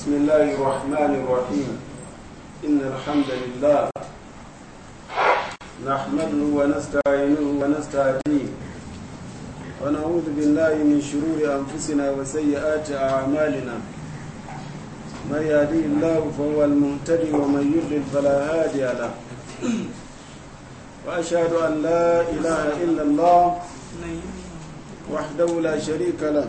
بسم الله الرحمن الرحيم إن الحمد لله نحمده ونستعينه ونستهديه ونعوذ بالله من شرور أنفسنا وسيئات أعمالنا من يهديه الله فهو المهتدي ومن يضلل فلا هادي له وأشهد أن لا إله إلا الله وحده لا شريك له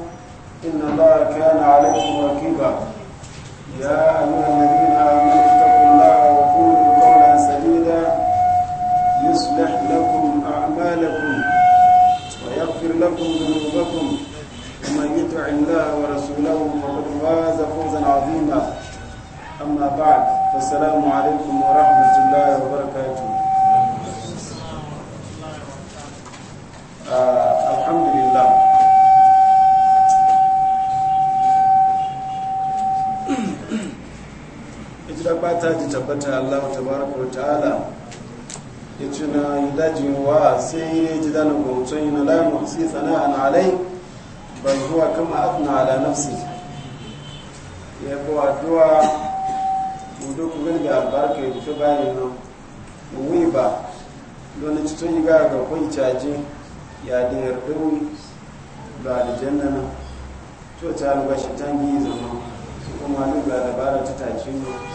إن الله كان عليكم رقيبا يا أيها الذين آمنوا اتقوا الله وقولوا قولا سديدا يصلح لكم أعمالكم ويغفر لكم ذنوبكم ومن يطع الله ورسوله فقد فاز فوزا عظيما أما بعد فالسلام عليكم ورحمة الله وبركاته آه الحمد لله tabbata ji tabbata Allah tabaraka wa ta'ala ya ci na yi wa sai ne ji danin gwamnatin yana layin tsana sana'an alai ban zuwa kama afina ala nafsi ya ko addu'a kudu ku gani ga albarka ya fito bayan nan wuyi ba don ci tun yi ga ga kwai caji ya din yardawi ba da janna nan to ta albashi tangi zama su kuma duk ga dabara ta tashi mu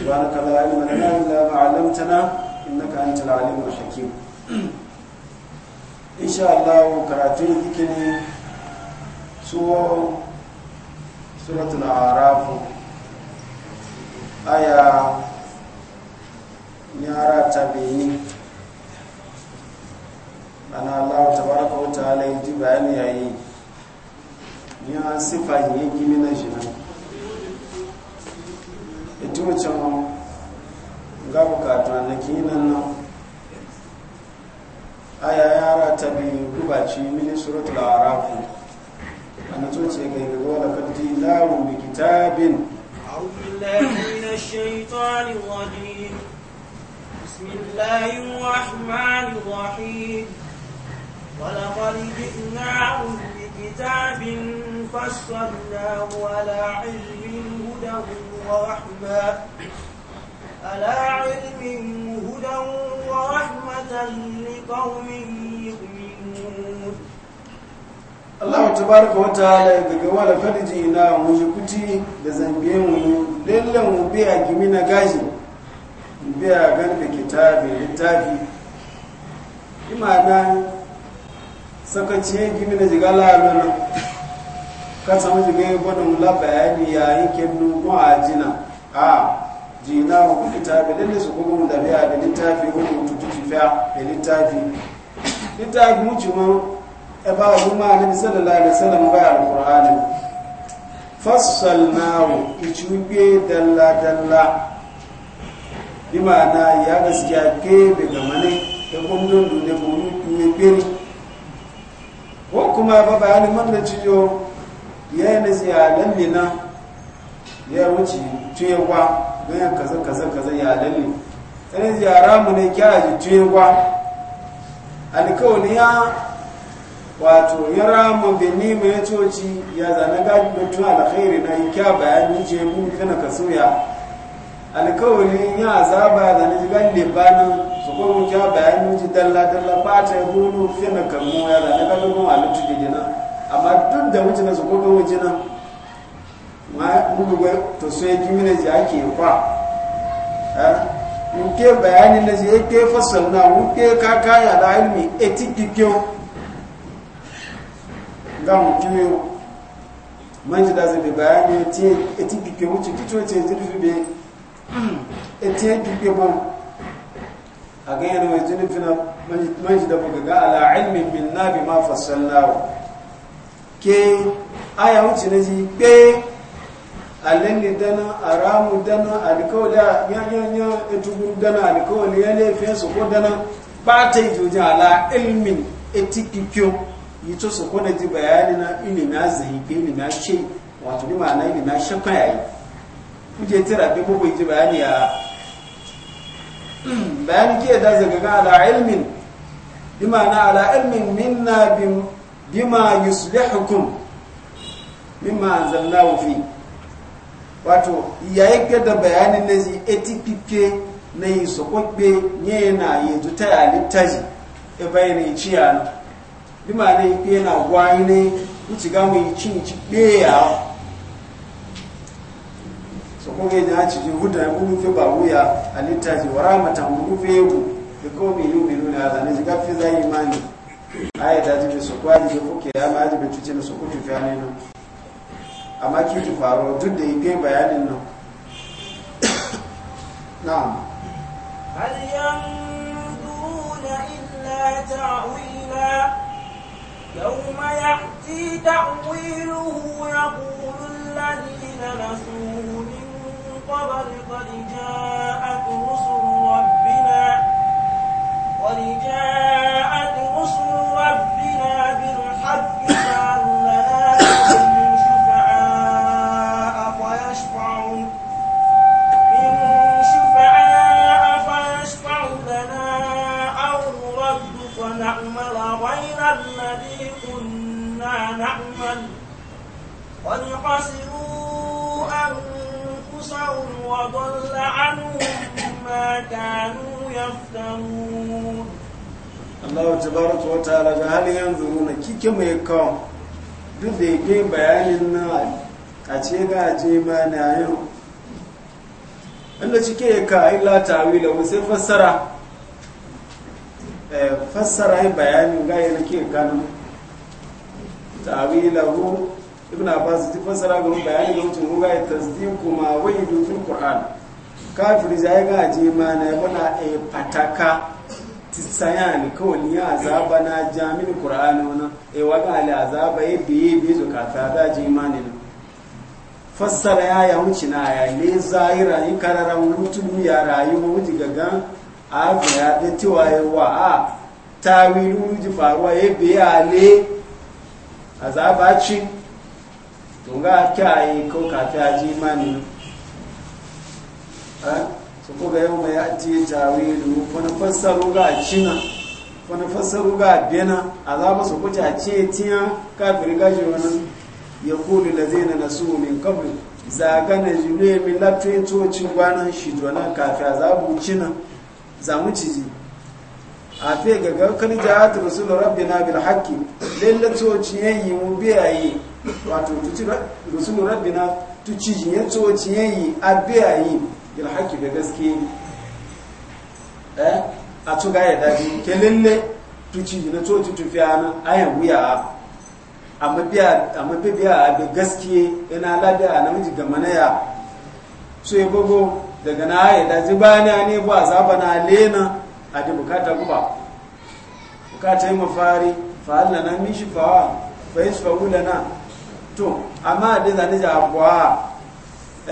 سبحانك لا علم لنا إلا ما علمتنا إنك أنت العليم الحكيم إن شاء الله كراتين ذكري سورة سورة الأعراف آية نيارة تبيني أنا الله تبارك وتعالى يجب أن يعين يا صفة يجي من جنان ita mace ga bukatu na kinan nan aya yara ta biyu gubaci mini suratul arafu ana to ce ga ga wala kaddi lahu bi kitabin a'udhu minash shaitani rajim bismillahir rahmanir rahim ولقد جئناهم بكتاب فصلناه على علم هدى ورحمة ألا علم هدى ورحمة لقوم يؤمنون Allah tabaraka wa ta'ala daga wala kadiji na mujukuti da zambe mu lalle mu biya gimi na gaji mu biya gan da kitabi littafi imana sakace gimi na jigala ka samu shiga ya gwada wula bayani yayin kennu ko a jina a jina wa ku bi lalle su kuma mu a da tafi ko mu tututi fa da littafi littafi mu ci mu e ba mu ma nabi sallallahu alaihi wasallam ba ki fassalnahu ichube dalla dalla bima na ya gaskiya ke daga mane da gundun ne mu yi kuma ko kuma ba bayanin man da ciyo yi da ya lalle na ya wuce tuye kwa ganyen kaza kaza kaza ya lalle tsanin da ya mu ne kya yi tuye kwa ne ya wato ya ramu beni mai coci ya zana gadi da tun alkhairi na yi kya bayani ce mu kana ka soya ne ya azaba da ni da bana su ko mun kya bayani ji dalla dalla fata ya gulu kana kan mu ya zana gadi mun alutu na. amma duk da wuce na su ko ga wuce na ma gudu ga to so ya kimi na ya ke kwa in ke bayanin da ji ya ke fasalna wuke ka ya da ilmi etiki kyau ga mutum manji da zai bayani eti eh, eh, kike wuce kicho ce zurfi be eti ke eh, bon a ga wajen wai zurfi na manji da buga ga ala ilmin min nabi ma fassalnahu ke aya wuce na ji pe alẹ́ni dáná àrámù dáná àdìkọ́ọ̀lẹ́ ya ne fiye su ko dana ba ta yi jojin ala ilmin etikikyo yi to su ko na ji bayani na ilẹ̀ na zai ke ilẹ̀ na ce wato ni ma'ana ilẹ̀ na ya yi kuje tira bi gbogbo ji bayani ya bayani ke da zagaga ala ilmin ni ma'ana ala ilmin minna bin bima yuslihukum mimma anzalnahu fi wato yayi gada bayanin na zi etipike na yi sokokpe nye na yanzu ta yalittaji e bayanin ciya na bima na ikpe na gwani ne wuce ga mai cin ci ɗaya sokoke ne a cikin hudu na gudu fi ba wuya a littaji wa ramatan mu fi yau da kawai mai yi mai nuna a zane shiga fi zai imani aya ta jibe su kwa jibe ko ke ya ma jibe tuce na su ku tufi amma ki faro duk da yake bayanin nan na'am hal yanzuruna illa ta'wila يوم يأتي تأويله يقول الذين من قبل قد جاءت رسل ولجاءت رسل ربنا بالحق فهل لنا من شفعاء فيشفعون من شفعاء فيشفعوا لنا أو نرد فنعمل غير الذي كنا نعمل قد خسروا أنفسهم وضل عنهم ما كانوا يفترون الله تبارك وتعالى هل ينظرون كيكي ميكاو duk da yake bayanin na a ce ga je ma na yau inda cike ka illa tawila mu sai fassara fassara yi bayani ga yana ke kanu tawila hu ibn abbas ti fassara ga bayani ga mutum ga tasdiqu ma waidu fil qur'an kafiri zai gaji mana yi bana a fataka tisanya ne kawai ya azaba na jami'in ƙura'ani wani a e waga ala azaba ya biye biye zo kafa da ji ne na fassara ya yi wuce na ya ne zahira yi karara mutum ya rayu ma wuce gan a ga ya da cewa ya wa a ta wili wuce faruwa ya biye a ale azaba ci to ga kyaye kawai kafin da ji imani na su ko ga yau mai ati tawilu wani fassaru ga cina wani fassaru ga bena azaba su a ce tiya kafin gaji wani ya kulu da zai na nasu min kabin zaga na jule min latin tocin gwanan shi donan kafin azabu cina zamu ciji a fe gaga kan jihatu rasulun rabbina bil haqqi lalle tsoci yayi mu biyayi wato tuci rasulun rabbina tuci yin tsoci yayi abiyayi ilhaki da gaske eh? a to gaya daji ke lalle tuci na coci tufi a nan ayan wuya a biya da gaske ina lada na miji ga manaya so yi gogo daga na ya daji bana ne ba zaba na lena a da bukata guba bukata yi mafari fa'alna na mishi fa'a fa fa'ula na. to amma da zani ja abuwa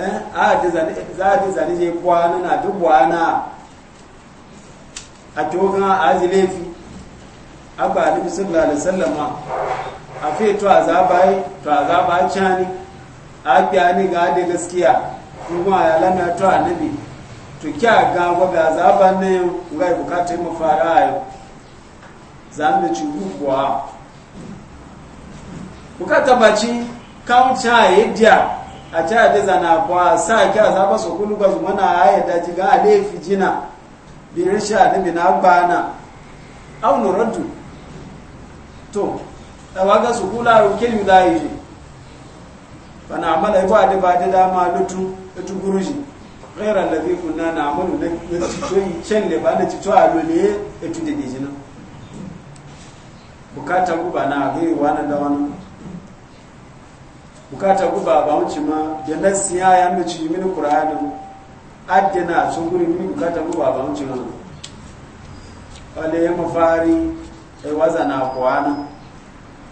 Eh, a da zane je kwana na duk wana a tokan a aji laifi a ba ni bisallah da sallama a fi to a zabaye to a zaba cani a biya ni ga da gaskiya kuma a lana to a nabi to kya ga gwabe a zaban ne ga bukata yi mafara a yau za mu da cubu bukata baci kawunca yadda a ci a zana kwa sa ki a zaba su kulu ba su mana ya daji ga fi jina bin sha na mina bana aunu rantu to da waga su kula rukin zahiri bana amala ba da ba da dama lutu lutu guruji ghayra alladhi kunna na'malu na cikin cen da ba na cito a ya e tuje da jina bukatar ku bana gaiwa na da wani bukata ku ba ba wuce ma da nasi ya ya mace mini kurayen adina a sun guri mini bukata ku ba ba wuce ma wale ya mafari ai waza na kwana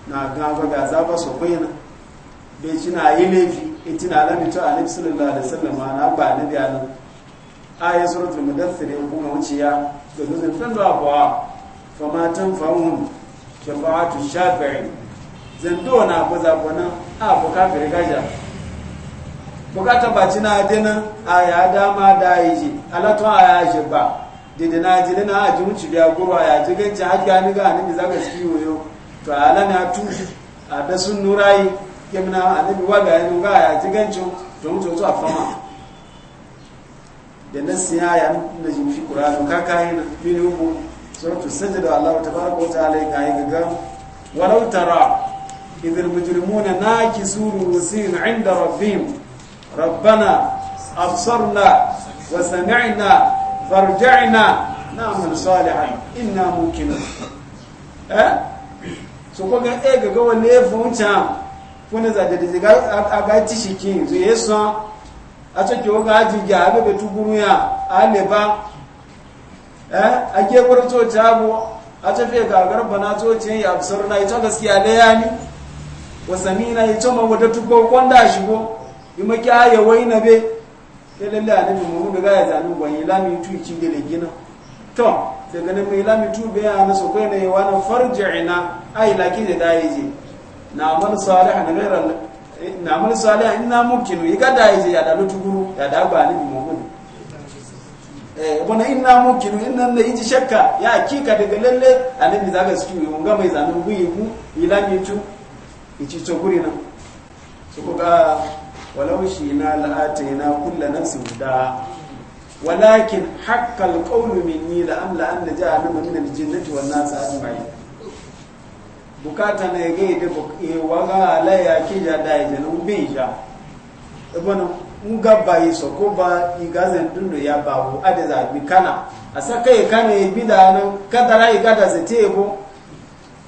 na gafa ga zafa so bayyana bai ci na yi laifi iti na lamita a nabi sallallahu alaihi wasallam na ba na biya nan a aya suratul mudaththir ya kuma wuce ya da ga dukkan tando abuwa fa ma tanfa'un shafa'atu shafi'in zando na ba zafa nan a ah, buka firgaja bukata baci na dina a ya dama da yi ji alatun a ya ji ba dede na ji na a ji wuce biya guru a ya ji ganci haki ya ga anibi za ka ciki yoyo to a lana ya tu a da sun nura yi kemina a anibi waga ya nuga a ya ji ganci to mutu to a fama da na siya ya na ji mushi kuranu kaka yi na fili uku suratu sajada Allah ta fara kota alaika yi kayi gaga walau tara إذ المجرمون ناكسوا رؤوسهم عند ربهم ربنا أبصرنا وسمعنا فارجعنا نعمل صالحا إنا ممكنون أه؟ سوكو ga e ga gawa ne funca funa za da diga a ga tishiki zu yeso a tsoki wa ga ji ga abe be tuguru ya aleba eh a ke gurto tabo a tsofe ga garba na tsoce ya absurna ita gaskiya da yani wasamina itoma wata tukpo kwanda shigo imaki aya na be ke lalle annabi muhammadu ga ya zanu gwan ilami tu ichi gele gina to sai ga mai ilami tu be ana so ko ne wa na farji'na ai laki da daiji na amal salih na gairar na amal salih inna mumkinu iga daiji ya da lutuguru ya da ba ni annabi muhammadu eh bona inna mumkinu inna da iji shakka ya hakika daga lalle annabi zaga su ki mun ga mai zanu guyi mu ilami tu ici guri nan su kuka walau shi na la'ata na kulla su da walakin hakkal qawlu min la da an jahannama min da jinnati wan nas mai. bukata na ya gai da e waga la ya ki ja da ja na bi ja ibana nga ba yi so ko ba igazen dundo ya ba ya ade da bi kana asaka e kana da bidana kadara igada zetebo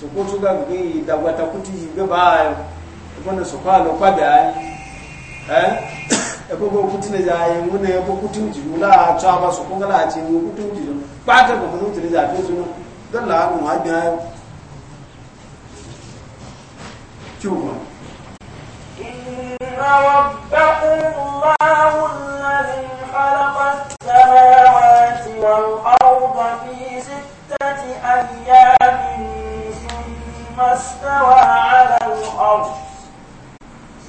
so ko tuga ge dagwata kuti be ba bona so kwa lo kwa da eh ebo go kuti ne jaye ngune ebo kuti uji a atwa ba so kunga la chi ngu kuti uji ba ta go kuti ne jaye to no la mu ha ga yo chuwa inna rabbakum allahu alladhi khalaqa fi ثم استوى على الأرض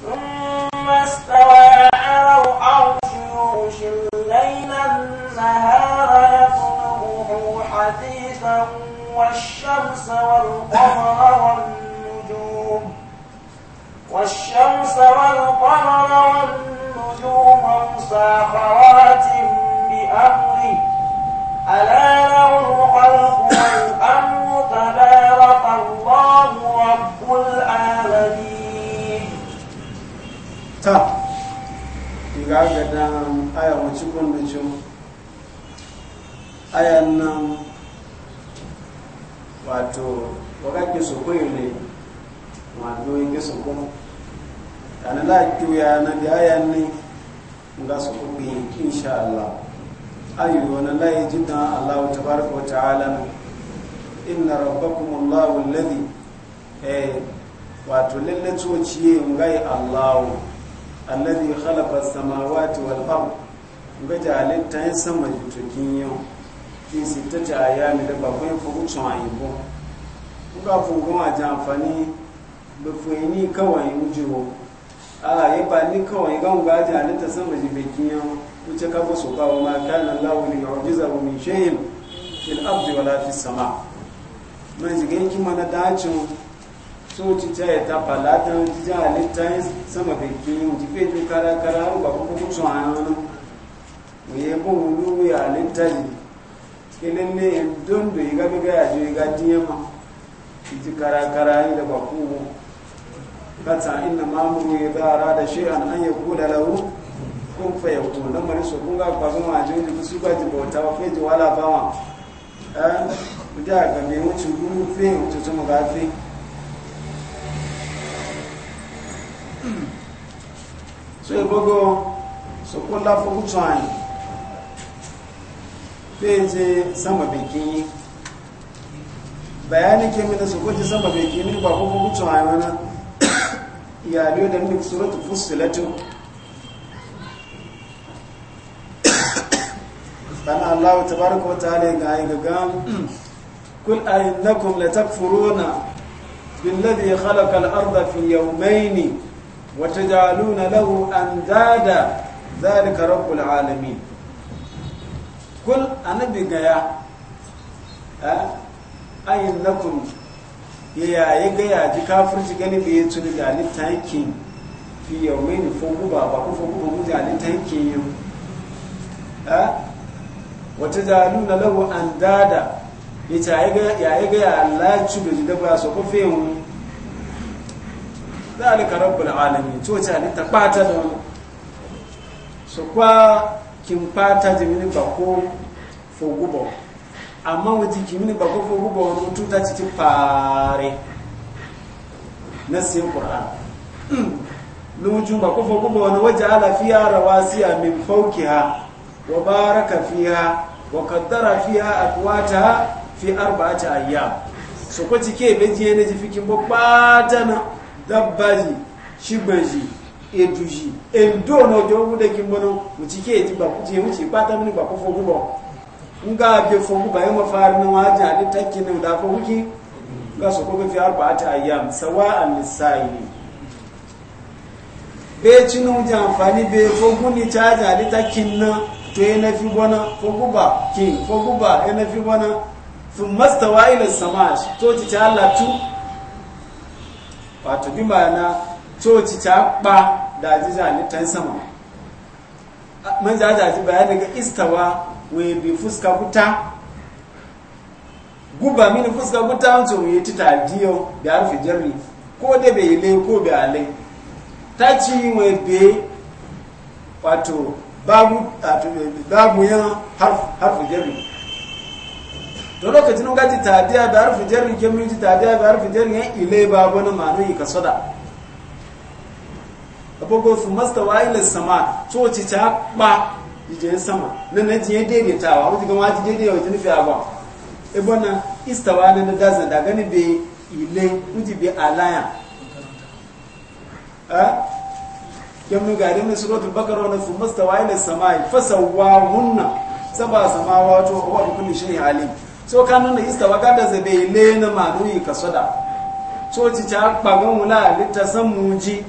ثم استوى على الأرض يغشي الليل النهار يطلبه حديثا والشمس والقمر والنجوم والشمس والقمر والنجوم مساخرات بأمره ألا له ayan nan wato wakake su kwayo ne wato yin gasa kuma yana da kiwuya na da ayan ne ga su kuɓi insha Allah ayi wani layi jidan Allah ta baraka wa ta'ala inna rabbakum Allah alladhi eh wato lalle tsociye ngai Allah alladhi khalaqa as-samawati wal ard ga jalitan sama jitukin yau fi sittati ayami da bakwai furucin ayyubu kuka funguma ji amfani da fuyini kawai wujewo a yi ba ni kawai gan gaji halitta sama ji bikin yau wuce ka ba su kawo ma kanan lawuli ya wajiza wa min shayin fil abdi wala fi sama man jigin kima na dacin so ci ta ya tafa latin sama bikin yau ji fejo kara kara a kelen ne don yi gami gaya ga yi iga diyama iti kara kara yi da baku kata ina mamu ya da ara da shi an an ya kula lau kun fa ya kuma dan mari so kun ga babu ma jo ni su ga jibo ta fa ji wala ba ma eh da ga me mu ci guru fe to mu ga fe so yi bugu so kun la fu tsayi feje sama biki ke mina su kwace sama bikin mini ba kuma hukuncin haimanan yaliyo da mini suratu fusilatu dan ta tabaraka wa ta'ala ga ayi gaga kul ainakum latakfuruna billadhi khalaqa al-ardha fi yawmayn وتجعلون له أندادا ذلك رب العالمين kul annabi gaya ayin lakum ya yayi gaya ji kafirci gani bai tuni da littakin fi yaumai ne fogu ba ba ku fogu ba mu da littakin yau wata jalu na lahu an dada ita ya yi gaya Allah ci da jidaba su ku fi yawon zalika rabbul alamin to ta litta ɓata da wani su kwa kin fata jimini bako fogubo amma wajen jimini bako fogubo wani mututa ci fare na sin qur'an lumujun bako fogubo wani waje ala fiya a min fauki ha, wa baraka fi ha, wa qaddara fiha aqwataha fi arba a arba'ati ayya so ko cike beje na jifikin bo na dabbaji shibaji eduji endo na ojo wude kimbono mutike eti ba kuje muti pata mini ba kofo gubo nga byo fo gubo yema far na waja ni takki ne da fo kuki nga so ko fi arba'ata ayyam sawa'an lisaili be chinu ja amfani be fo guni chaja ni takkin na to yana fi bona fo guba kin fo guba yana fi bona thumma stawa ila samaj to ti ta Allah tu wato bi ma'ana coci ta ba da ji halittar sama man za da ji bayan daga istawa wai bi fuska guta guba mini fuska guta wancan wai ti tadiyo da harfi jarri ko da bai lai ko bai alai ta ci wai bai wato babu yan harfi jarri to lokacin ga ji tadiya da harfi jarri kemmi ji tadiya da harfi jarri yan ilai babu na ma'anoyi ka soda abogo su mastawa ila sama so ci ta ba jijin sama na na jiye daidaitawa wani gama ji daidai wajen nufi a ba ibona istawa na na dazan da gani be ile uji be alaya a yamu gari na suratul bakara wani su mastawa ila sama fasawa hunna saba sama wato wa kulli shay'in alim so kanun da istawa ga da zabe ile na manu kasada so ci ta bagan wala litta san muji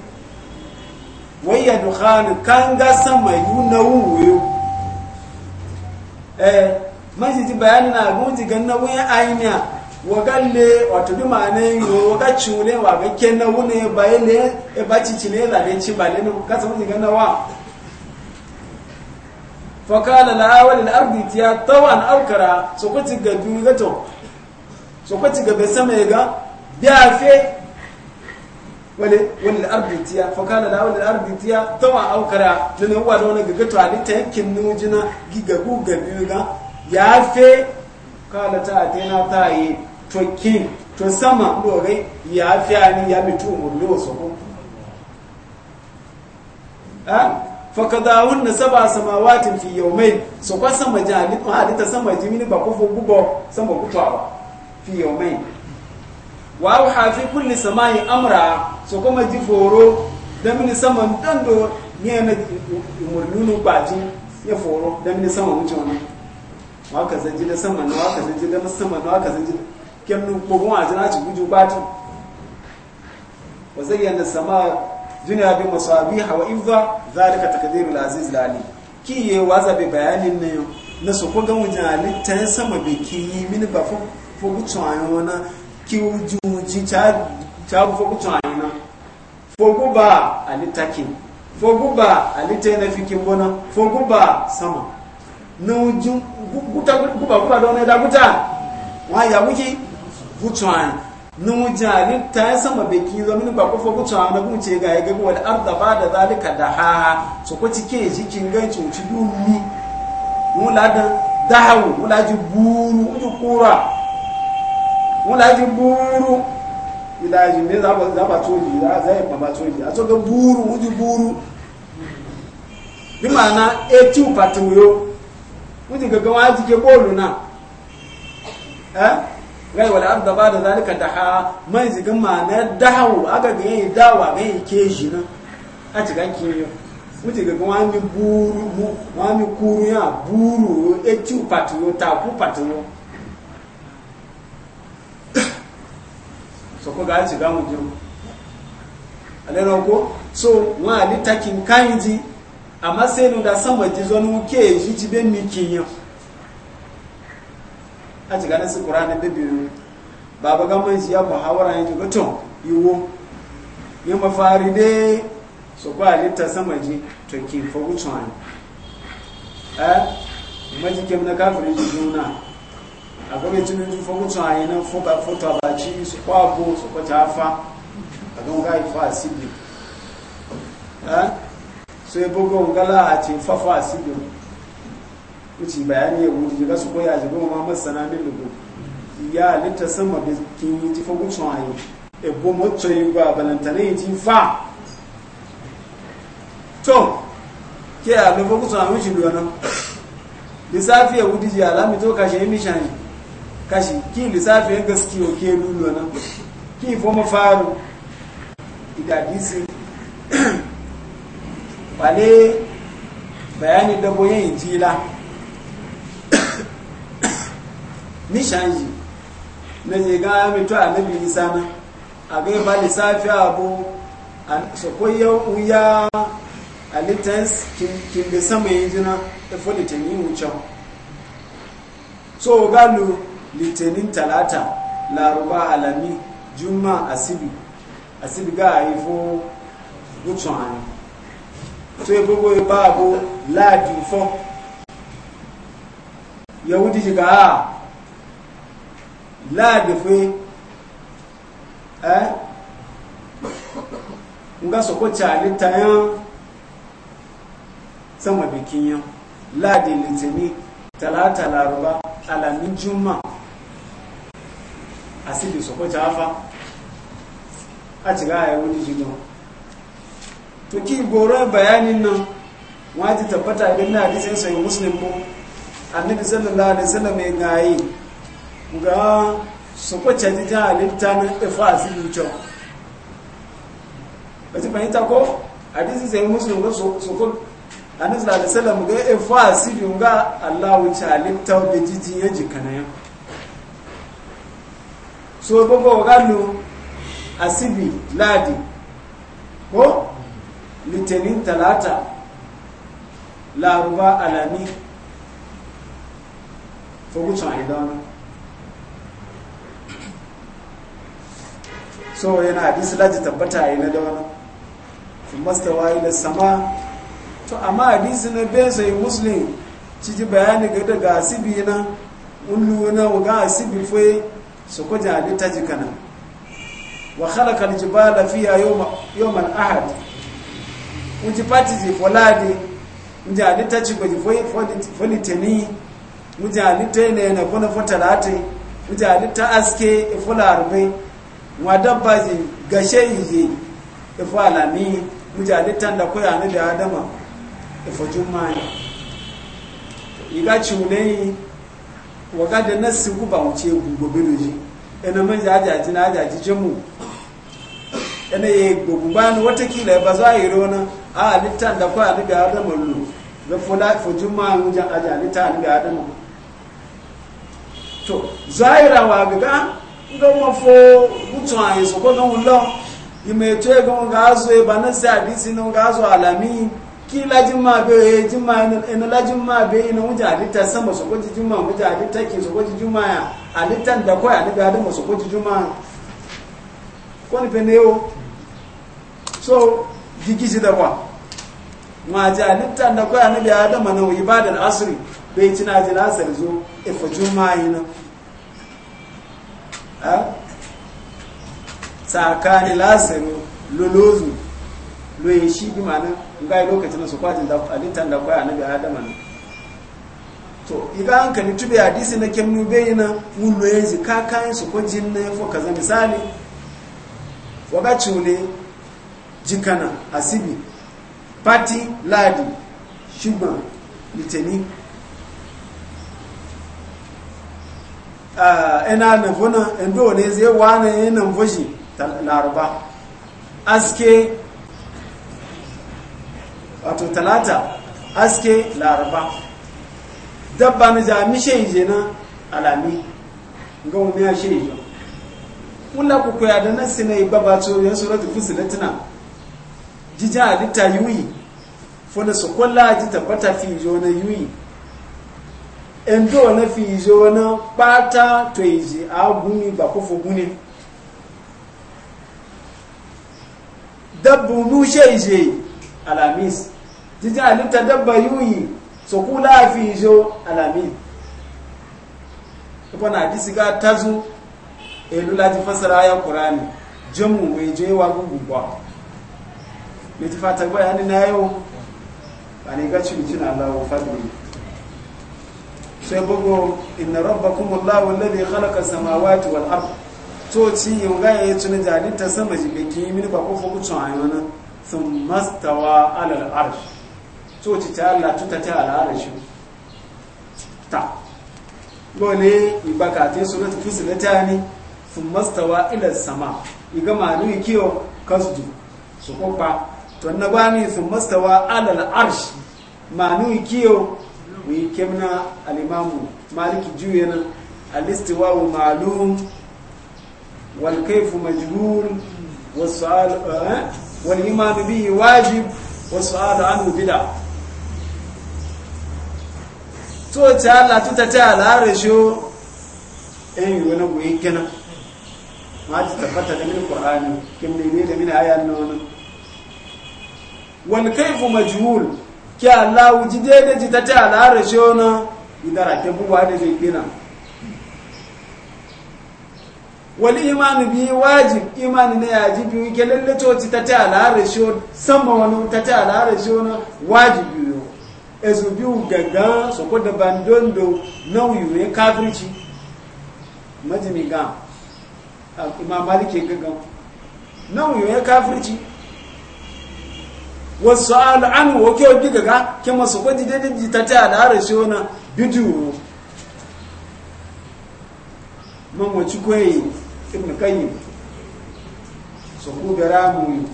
waya dukhanu kanga sama yuna wuyo eh manji ti bayani na gunji ganna wuya ainya wagalle wato bi mane yo ga chule e wa ga kenna wune bayele e bachi chile la ne chi bale no ka samu ganna wa fakala la awal al ardi tiya tawan aw kara so ko ti ga du ga to so ko ga be sama ga biafe wani wani arbitiya fakala na wani arbitiya tawa aukara nuna wa da wani gagato a ta yankin nujina gigagu ga biyu ga ya fe kala ta atena ta yi to kin to sama dogai ya fi ani ya mitu umurni wasu ko fakadawun na saba sama watin fi yaumai so kwa sama jami ko ta sama jimi ba ko gubo sama kutawa fi mai. wa auha fi kulli samai amra so kuma ji foro da mini saman dando ne na murnunu baji ya foro da mini saman wuce wani wa ka zanji da saman na wa ka zanji da saman na wa ka zanji kem nu ko gon ajina ci guju batu wa zayyana sama duniya bi masabiha wa ifza zalika takdirul aziz lali ki ye wa be bayanin ne na so ko gan wuce halittan sama be ki mini ba fu fu gutu wani. kí ojú ti ṣáàbù fókútù àyíná fogúbà alítaki fogúbà alítẹ́nẹ́fikí mbọ́ná ba, sama ní ojú gúbàgúbà dọ́nà ẹ̀dàgúta wọ́n yà wúkí fúkútù àyín ní ojú yi sama bè kí lọ nínú gbàkú fókútù àyín ọdún ti ga ẹgẹ́ wọlé arzaba da zalika da ha sọkọ́ ti kéèjì kí n gẹ́ǹtì òtúdú ní wọ́n ládán dáhàwò wọ́n lájú búrú ojú kúrà múlájí búrú ìdájì ní zábàtóòjì záyẹ̀ bàbátóòjì àtọ́gẹ́ búrú mújú búrú bí máa ná etí pàtíwò mújú gẹ́gẹ́ wọ́n á jíke bóòlù náà ẹ́ gai wala abda ba da zalika daha man zigin ma na dawo aka ga dawa ga yayi keji na wani mu wani buru so ko ga ci ga mu jiru alero ko so wa ali takin kanji amma sai nu da sama ji zo nu ke ji ji be mi kinyo a ci ga na su qur'ani be bi baba ga mun ji ya muhawara yin ga to yiwo ma fari de so ko ali ta sama ji to ki fa gutsuwa eh maji ke na kafirin juna a gwamnati na jufa mutu a yana fuka baci su kwabo su kwata fa a don ga ifa a sibi eh? so ya bugu gala a ce fafa a sibi wuce bayani ya wuce ga su koya jibin ma masana min lugu ya halitta sama da kin yi jifa mutu a yi ebo mutu yi ba balantane yi jifa to ke a lufa mutu a wuce biyu nan lissafi ya wuce ji alami to kashe yi mishani kashi ki lissafi ya gaskiyo ke lulu nan ki fo mu faru idadisi wale bayani da boye injila ni na je ga mito annabi isa na a ga ba lissafi abu so koyo uya alitans kin kin be sama yinjina e fo litan yin wucin so galu litinin talata laruba alami juma asibi asibi ga a yi fo gutsun ani to yi gbogbo yi baabo laadi fo yahudi ji ga a ah, laadi fe eh nga soko cali tayan sama bikin yan laadi litinin talata laruba alamin juma asidi soko chafa aciga ya wuni jino to ki goro bayanin nan waji tabbata na hadisin sai muslim mu annabi sallallahu alaihi wasallam ya gayi ga soko chaji ta halitta na ifa asidi cho bazi fahimta ko hadisin sai musulun ga soko annabi sallallahu alaihi wasallam ga ifa asidi ga Allah wuce halitta da jijiye jikana yau so gbogbo ọ̀gá lu àsìbì láàdì kó litinin talata láàrùbá alami fogúcin àìdánú so yana àdísí láti tabbata a yi na dawana mastawa ila sama to amma àdísí na bai sai muslim ci ji bayani ga daga asibi na ulu na ga asibi fai su ku jali ta jikana wa khalaqa al-jibala fiha yawma yawman ahad unji pati ji foladi unji ali ta ci goji foi foi teni unji ali tene na kona fotalati unji ali ta aske ifola arbe wa dabba ji gashe yi ifola mi unji ali tanda ko ya ne da adama ifo jumani iga chulei waga da nassin ku ba wuce gobe da ji ina man jajaji na jaji jamu ina yi gobe bayan watakila ba za a yi rona a halittar da kwa ga adama lu ga fula fujin ma wujan aji halittar alibi adama to zahira wa gaga ga mu mafo mutu a yi sokon wulon yi mai tuye ga wanga azo ba na sai hadisi na wanga azo alami kila jimma be jimma ina la jimma be wuja alita sama so koji jimma wuja alita ki so koji jimma ya alita da ko ya daga da so jimma ko ni pende yo so digiji da kwa ma ja alita da ko ya ne da da mana ibadar asri be cina ji asar zo e jimma ina loyin shi bi ma'ana ga lokacin su kwatin da alitan da na biya adama ne to idan an kani tube hadisi na kemnu bayina mun loyin zi ka kayan su ko jin na yafo kaza misali waga chule jikana asibi pati ladi shugban litini ina na nufuna endo ne zai wane yanan fushi laraba aske wato talata haske laraba dabba na jami sheje na alami ga wani ya sheje kula ku koya da nasi na babato ya suratu fusilatina jijin halitta yiwu fona su kwalla ji tabbata fi jo na yuyi endo na fi jo na pata to yi iji aguni ba kofo guni dabbu nu sheje alamis ní àlítà dábà yìí sọkú láàfin ìṣó alàmì ìpọnà àdísí ká tázú èlú láti fásara ayá kùránì jẹ́mù wèjò yíwa gbogbo ní ti fata gbáyà ní náà yóò a ní gá cin jina aláwọ̀ fadìrí sai bugu inna rabbakum allahu samawati wal ard to ci sama jibeki min ba ko fuku tun ayyana so ci ta Allah tuta ta al'ara shi ta lone ibakate surat fusilata ne sun mastawa ila sama iga manu kiyo kasdu su kokpa ní na bani sun mastawa ala al'arsh manu kiyo wi kemna al-imamu maliki juyana al-istiwa ma'lum wal kayfu majhul was-su'al eh, wal iman bihi wajib was anhu tó tí a látú tàtí àláàrẹ̀ ṣó ẹ̀yìn wani goyi gina ma ji tabbata mini ƙwararri kim ne mini ayan na wani wani kaifu majuhul ki allahu ji daidai ji tàtí àláàrẹ̀ ṣó wani bi wajib imani na yaji biyu ke àláàrẹ̀ ṣó sama wani tàtí àláàrẹ̀ ṣó ezu biyu ah, gaga su kuda bandondo na ya kafirci majini ga imam maliki gaga nauyi ya kafirci wasu alu an nwoke ogi gaga kima soko kwaji daidai jita a da shi wani bidiyo man waci kwaye ibn kayyim su kubera mu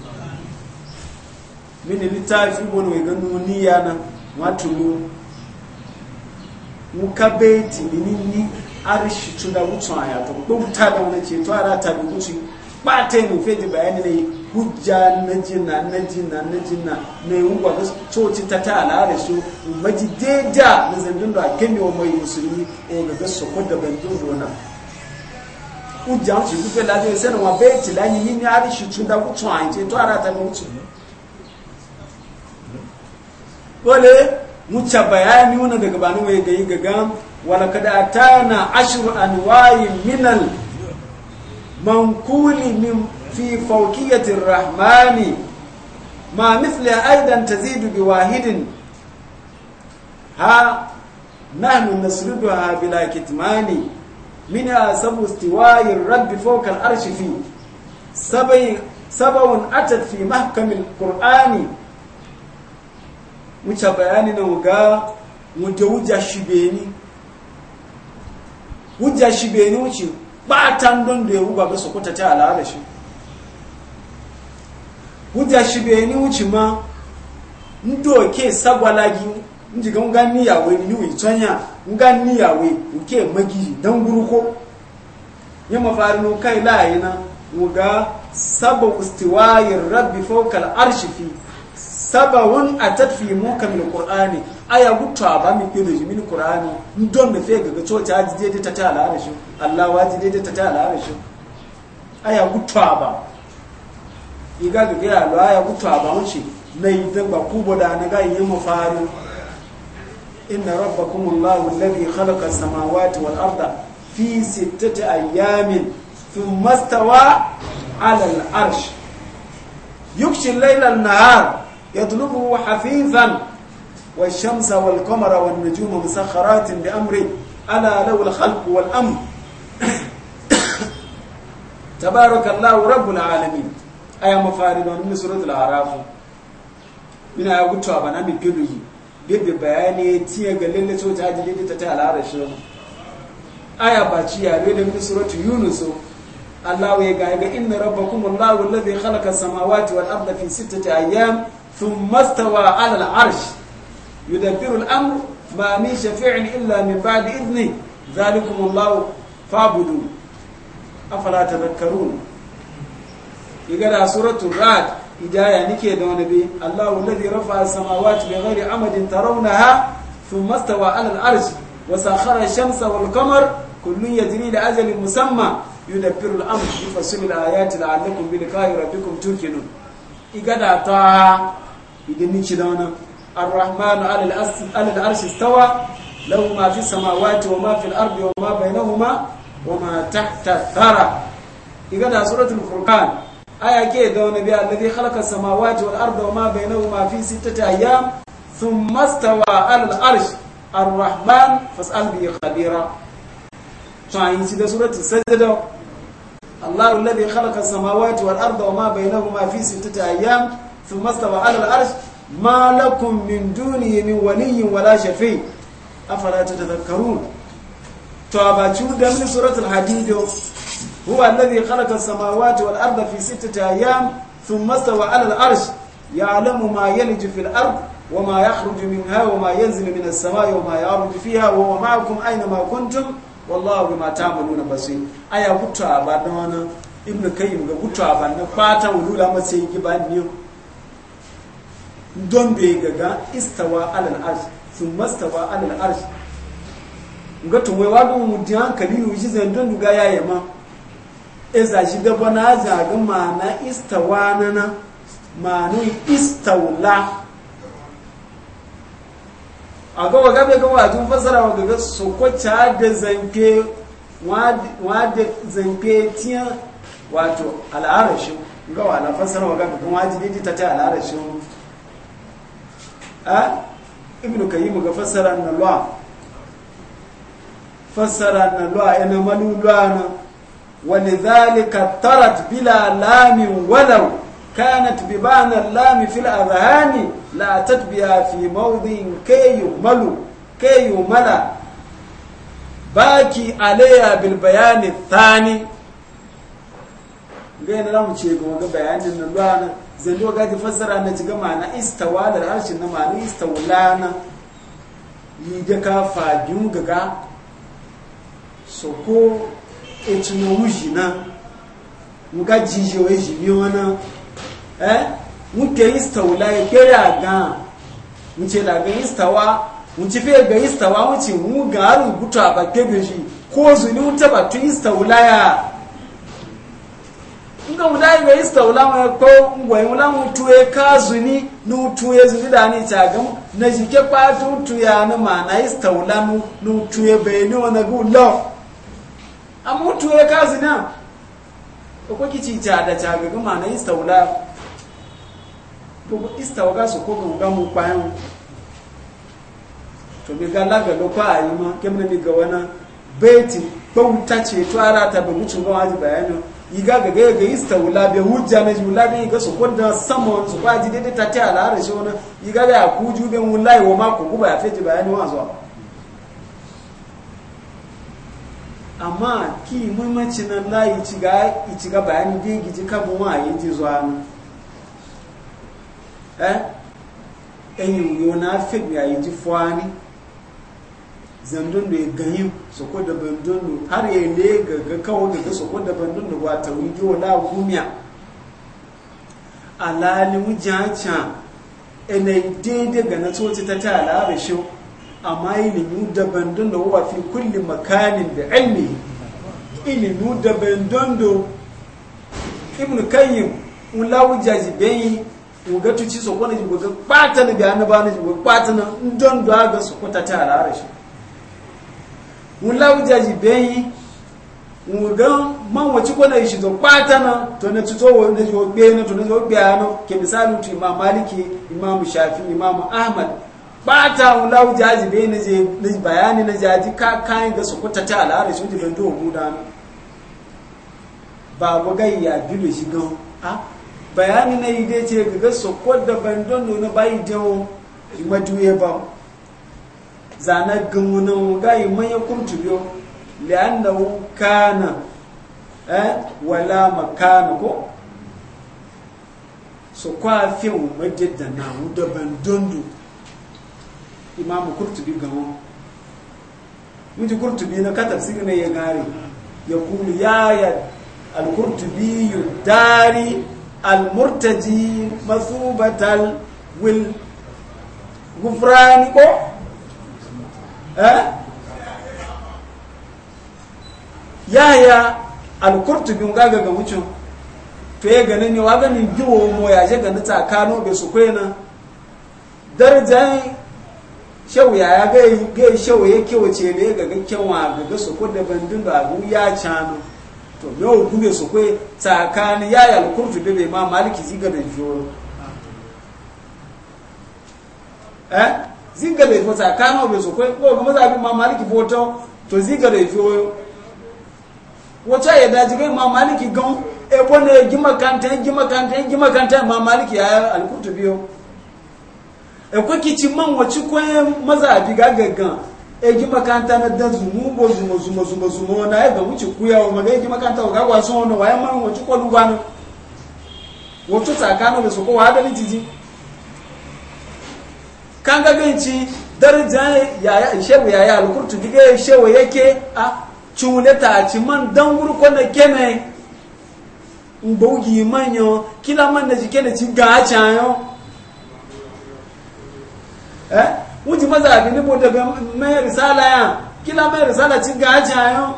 mini littafi wani wai gano niyya na matulu mukabe tinini arishi tuna kutswaya to kubutada una cheto ara tabi kuti bate mu fedi bayani ne hujja na jinna na jinna na jinna ne ungwa da tsoci ta ta alare su maji deja na zandun da kemi wa mai musulmi e ga ga soko da bandun rona hujja su kuke laje sai na wa beti la yi ni arishi tuna kutswaya to ara tabi kuti wale ca bayani wani daga bani mai gayi gaga wani kada ashiru ashru anwa'i minal mankuli min fi faukiyatin rahmani ma a aidan tazidu bi wahidin ha nahnu nasruduha bila kitmani min asabu istiwa'i ar rabbi fawqa al-arshi fi sab'un atat fi kur'ani mucha bayani na wuga wuce wuja shibeni wuja shibeni wuce batan don da ya wuga ba su kuta ta al'ada shi wuja shibeni wuce ma ndoke sagwalagi njiga nga niyawe ni witonya nga niyawe nke magi dan guruko ya mafari nukai kai la yana wuga sabu istiwayi rabbi fokal arshifi sabawun a tafi muka mil qur'ani aya gutta ba mi kido ji mil qur'ani don da fe ga coci a jide ta ta ala shi Allah wa jide ta ta ala shi aya gutta ba iga ga ya lo aya gutta ba wuce mai da ba kubo da na ga yi faru inna rabbakum Allahu alladhi khalaqa as-samawati wal arda fi sittati ayamin thumma stawa ala al-arsh yukshi al-layla an-nahar يطلبه حثيثا والشمس والقمر والنجوم مسخرات بأمره ألا لو الخلق والأمر تبارك الله رب العالمين أي مفارد من سورة العراف من أقول أبنا من bebe bayani tiye ga lalle so ta jili ta ta al'ara shi aya ba ci ya lalle min suratu yunus Allah ya ga ga inna rabbakum Allahu alladhi khalaqa samawati wal arda fi sittati ayyam ثم استوى على العرش يدبر الأمر ما من شفيع إلا من بعد إذنه ذلكم الله فاعبدوا أفلا تذكرون يقرأ سورة الرعد إجايا نكي دونبي الله الذي رفع السماوات بغير عمد ترونها ثم استوى على العرش وسخر الشمس والقمر كل يجري لأجل مسمى يدبر الأمر يفصل الآيات لعلكم بلقاء ربكم تركنون إجاية طه idan ni ci da wannan ar-rahman ala al-arsh istawa lahu ma fi samawati wa ma fi al-ardi wa ma bainahuma wa ma tahta thara idan da suratul furqan aya ke da wannan bi alladhi khalaqa samawati wal arda wa ma fi sittati ayyam thumma istawa ala al-arsh ar-rahman fas'al bi khabira to ayin ci da suratul sajda الله الذي خلق السماوات والأرض وما بينهما في ستة أيام ثم استوى على العرش ما لكم من دونه من ولي ولا شفيع أفلا تتذكرون تواباتشو دمن سورة الحديد هو الذي خلق السماوات والأرض في ستة أيام ثم استوى على العرش يعلم ما يلج في الأرض وما يخرج منها وما ينزل من السماء وما يعرج فيها وهو معكم أينما كنتم والله بما تعملون بصير أيا بطا بعد ابن كيم بطا بعد فاتا ولولا ما سيجي بعد don bai gaga istawa alal arsh sun mastawa alal arsh ga to wai wago mu di hankali yi shi zan don duga yaya ma e za shi gaba na zaga ma'ana istawa nana ma'ana istawla a ga gaba bai ga wajen fasara waga ga sokoca da zanke wada zanke tiya wato al'arashin gawa wa na fasara wa ga gaba wajen ta ta al'arashin ibn kayyim ga fassara na lwa fassara na lwa ina manu lwana wani zalika tarat bila lami walau kanat bi bana lami fil azhani la tatbiya fi mawdin kayu malu kayu mala baki alayya bil bayani thani ga ina ramu ce ga bayanin na lwana zando ga ji fassara na ciga ma'ana istawa da harshen na ma'ana istawla na yi ga kafa fagin gaga so ko etuna wuji na nga jije we jibi wana eh Muke istawla ya kere a ga nce la ga istawa nce fe ga istawa wuce mu ga guta ba kebe shi ko zuni wuta ba tu istawla ya nka mudai ga istaula ma ko ngwai mula mutuwe kazuni nu tuye zuni da ni taga na jike patu tuya na ma na istaula mu nu tuye beni wana gu love amu tuye kazuna ko kici ta da taga ma na istaula ko istauga su ko ga mu kwayan to mi ga laga lo kwayi ma kemne mi ga wana beti bauta ce to ara ta ba mucin ga wajibi bayanin iga ga gaya ga ista wula bai hujja na jula bai iga su kwanta sama wani su kwaji daidai ta ta al'ada shi wani iga ga ya kuju bai wula yi wa mako kuma ya feji bayani wa zuwa amma ki muhimmanci na layi ci ga bayani bai giji kama wa yi ji zuwa ni eh ɗan yi na fi ya yi ji fuwa ni zandun da ya gani soko da bandun da har ya ne ga kawo da soko da bandun da wata wige wala gumiya alali can ina yi daidai ga na tsoci ta ta alaɓe shi amma yi da bandun da wa fi kulli makanin da ilmi ilimin da bandun da ibn kayyim wula wujaji bayi wuga tuci su ko na jibuga ɓata na biya na ba na jibuga ɓata na don da ga soko ta ta alaɓe shi Wula wulawuja jibeyi wugan manwaci kwana ishi to kwata na to na tuto wanda jo gbe na to na jo gbe ano ke misali tu imam maliki imam shafi imam ahmad bata wulawuja jibeyi na je na bayani na jaji ka kan ga su kuta ta al'ada shi da do guda na ba go ya bilo shi gan ha bayani na ide ce ga so ko da bandon no na bayi jawo maduye ba zana gumunan gayi manyan kumtu biyo li'annahu kana eh wala makana ko so kwa fi maje da na mu da ban dondo imamu kurtubi gawo muji kurtubi na katar sigi ne ya gare ya kulu ya ya al-kurtubi yudari al-murtaji masubatal wil gufrani ko Eh? alkurtu bin gaga ga wucin to ya ganin ne wa ganin giwo mo ya je ganin kano bai su kwena darajan shewu ya ga ga shewu ya wace ne ga gakkenwa ga ga su ko da bandin ba abu ya cano to me o gube su kwe tsakani ya ya alkurtu bai ma maliki ziga da jiyo eh zinga da ifota kana obe so kwe ko kuma zabi ma maliki foto to zinga da ifoyo wata ya daji kai ma maliki gan e bone gima kanta gima kanta gima kanta ma maliki ya alkutu biyo e ko kici man maza ko mazabi gagaggan e gima kanta na dan zumu bo zumu zumu zumu zumu na e ga wuci kuya o maga gima kanta o ga kwaso no wa man waci ko lugano wato tsakano da su ko wa da litiji kan ga ya darja yaya shewu yaya alkurtu diga shewu yake a cune ta ci man dan gurko na kene ubogi manyo kila man da jike da ci ga yo eh wuji maza bi ni bota ga mai risala ya kila mai risala ci ga yo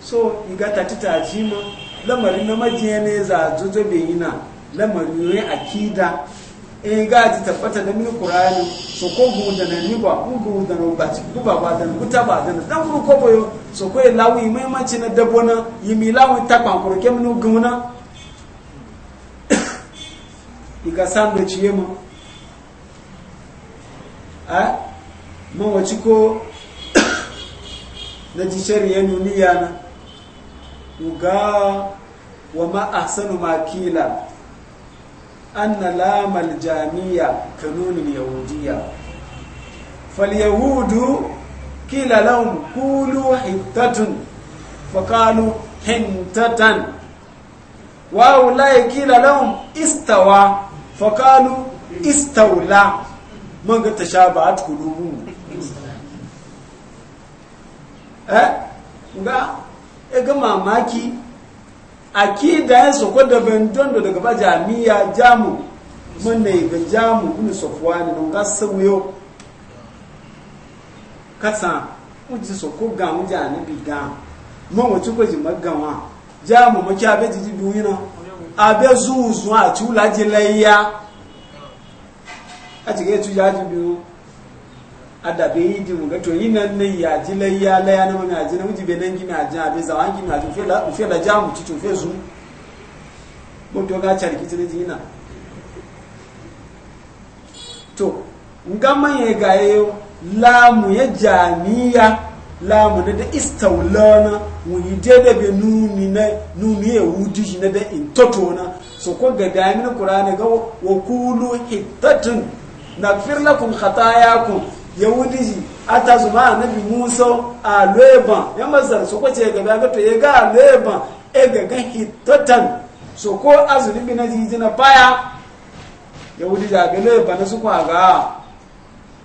so iga tatita ci lamarin na majiya za zojo bai yi na lamarin akida e ga ji tabbata da mini kurani so ko guda na ni ba ku guda na ba ci ku ba ba da buta ba da dan ku ko boyo so ko ya lawi mai manci na dabona yi mi lawi ta kan ku ke minu gumna iga san da ciye mu a mu wace ko na ji shari'a nuniya na yana uga wa ma ahsanu makila anna lamar jamiya kanunul yahudiyya fal yahudu kila lahum qulu hittatun faqalu hintatan wa ulai kila lahum istawa faqalu istawla man ga tashabahat qulubuhum eh ga ga mamaki akida yan soko da bendondo daga ba jami'a jamu mun da ga jamu bin sofwani don ka sauyo kasa uji soko ga mu janibi ga mun wuce ko jima gawa jamu mu kya beji ji biyu na abe zuzu a tula ji layya a cike tu ya ji biyu adabe yi di muga to yinan ne ya ji layya laya na mana ji na wuji be nan gina ji abe za wangi na to fela fela ja mu ci to fe su mu to ga charki tin ji na to nga man ye ga yo la mu ye jamiya la mu da istawlana mu yi de da be nuni na nuni ye wudi na da in toto na so ko ga da min qur'ani ga wa qulu hittatun nagfir lakum khatayakum yahudi ji ata su ma annabi musa a leban ya masar su kwace gaba ga gato ya ga leban e ga ga hitotan so ko bi na ji na baya yahudi ji a ga leban na su kwa ga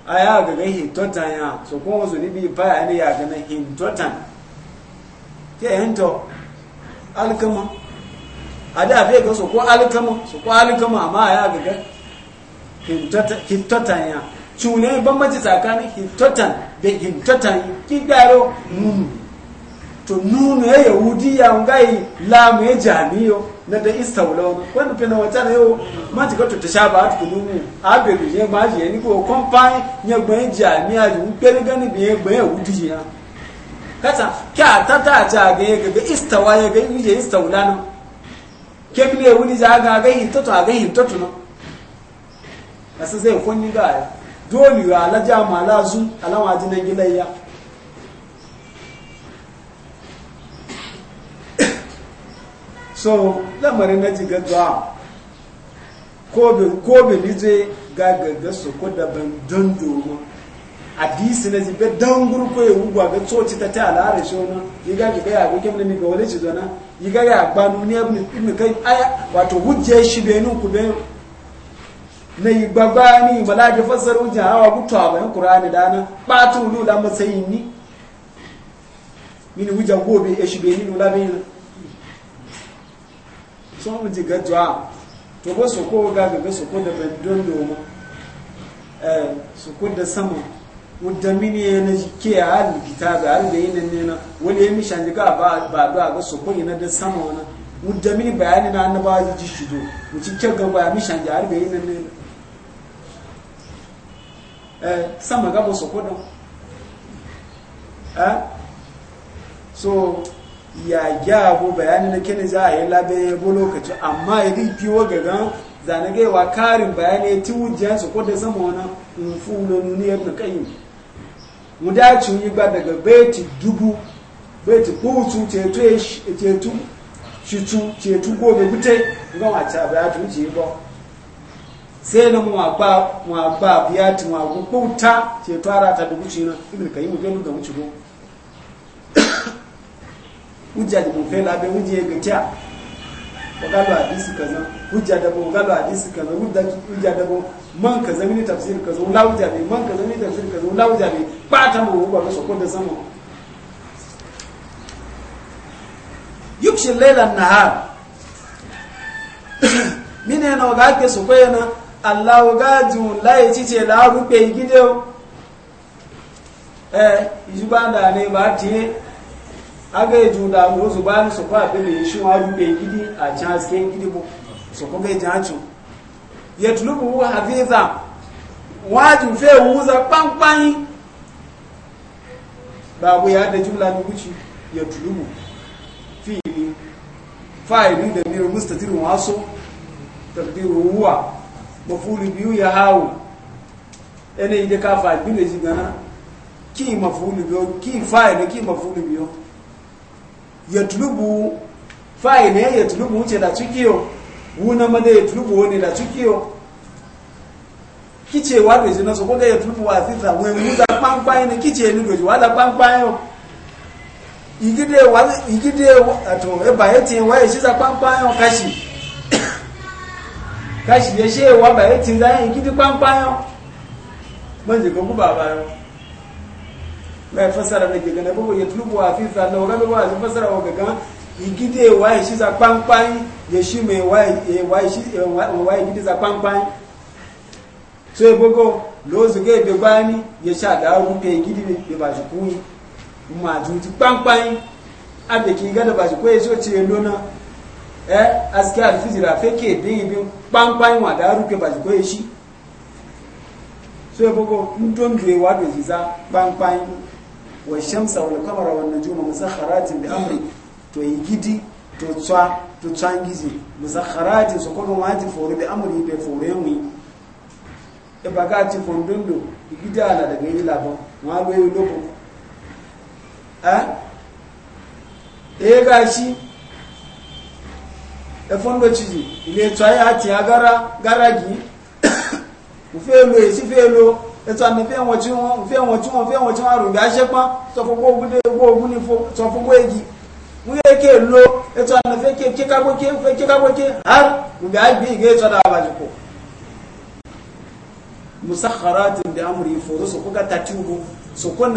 a ya ga ga hitotan ya so ko bi baya ne ya ga na hitotan ke hinto alkama a da fiye ga so ko alkama so ko alkama amma ya ga ga hitotan ya cune bambanci tsakanin hintatan da hintatan kidaro nunu to nunu ya yahudiya ngai lamu ya jamiyo na da istaulo wanda fina wata na yau ma ti gato ta sha ba ta nunu abelu ye ma je ni ko kompai ya gbe jamiya ju pere gani bi ye gbe yahudiya kata kya ta ta ta ga ye ga istawa ye ga ye istaulano kebile yahudi za ga ga hintatu ga hintatu no asa zai kunni ga ya dole ya alaja mala su alawa jinan gilayya so lamarin na ji gaggawa ko be nije ga su ko daban don domin hadisi na jibe don gurko ya wugwa ga coci ta ta al'ara shi wani yi gaga ga yago ne na ga wale ci zana yi ga ya gbanu ne ibn kai aya wato hujjai shi benin ku benin na yi gbagba ni ke fassara wuce hawa gutu a bayan ƙura'ani da nan ɓata wulu da matsayi ni mini wujen gobe ya shi benin wula benin sun wuce gajuwa to ba su ko ga ga su ko da bandon domin eh, su ko da sama wadda mini ya na ke a halin kita da har da yi nan nena wani ya mishan jiga ba ba ga su ko yana da sama wani wadda mini bayani na annabawa ji shido mutum kyan gaba ya mishan jihar da yi nan nena Eh, sama gabo su kudin eh, so ya gyabo bayani na kini za a yi labe ya bo lokaci amma ya rifi wa gagan zanagaiwa karin bayani ya ti wujen su kudin sama wani nufu na nuniyar na yi mu dace yi ba daga beti dubu beti kowace tetu shitu tetu gobe bute. gama ta bayatu ce ba sai na mwaba mwaba biyati mwagu kuta ce tara ta dubu shi na ibn kayyim bin da wuce go hujja da mun fela be hujje ga kya wagalo hadisi kaza hujja da mun galo hadisi kaza hujja da mun man kaza mini tafsir kaza la hujja be man kaza mini tafsir kaza la hujja be ba ta mu ba so ko da sama yukshi laylan nahar mine na ga ke su koyana Allah ga jun laye cice la rupe gide o eh ijuba da ne ba tie da mu su ba su kwa shi wa rupe gidi a chance ken gidi bo so ko be janchu yatlubu wa haditha waju fe uza pampani babu ya da jumla mi wuci yatlubu fi'li fa'ili da miro mustatir waso taqdiru huwa mafulu biyu ya hawo ene ide ka fa bile jigana ki mafulu biyu ki ne ki mafulu biyu yatlubu fa'il ya yatlubu wuce da cikiyo wuna ma ya yatlubu woni da cikiyo kice wa doji na so ko da yatlubu wa sita wen muza pampa ne kice ni doji wala pampa yo igide wa igide ato e ba yeti wa e shiza pampa yo kashi kashi ya she wa ba ya tin zai gidi kwampa yo manje ko ku baba yo mai fasara ne gana bugu ya tulubu wa fi sa lawa ga wa fasara wa gaga igide wa ya shi za kwampa ya shi mai wa ya wa shi wa ya gidi za kwampa so e bogo lozu ge be bani ya sha da ru pe gidi be ba shi kuyi ma ju ti kwampa abe ki ga ba shi ko so ce lona eh aske alfijira feke din ibin pampan wa da ruke ba ko yeshi so bogo ndon dwe wa do jiza pampan wa shamsa wal qamara wan najuma musakharatin bi amri to yigidi to tswa to tsangizi musakharatin so kono wati foro bi amri be foro mu e baga ti fondondo yigidi ala daga yi labo wa go yi loko eh e shi. ẹfọ́ndọ̀ chidi ilé ẹ̀tọ́ ayé àti agáragi òfẹ́ lo èsì fẹ́ lo ẹ̀tọ́ àmì fẹ́ wọn tí wọ́n fẹ́ wọn tí wọ́n fẹ́ wọn tí wọ́n rògbé aṣẹ́pọ́n sọfọ́gbọ́ ogun ní sọfọ́gbọ́ egi wọ́n yẹ kí èlò ẹ̀tọ́ àmì fẹ́ musakharatin da amri foro so kuka tatubu so ga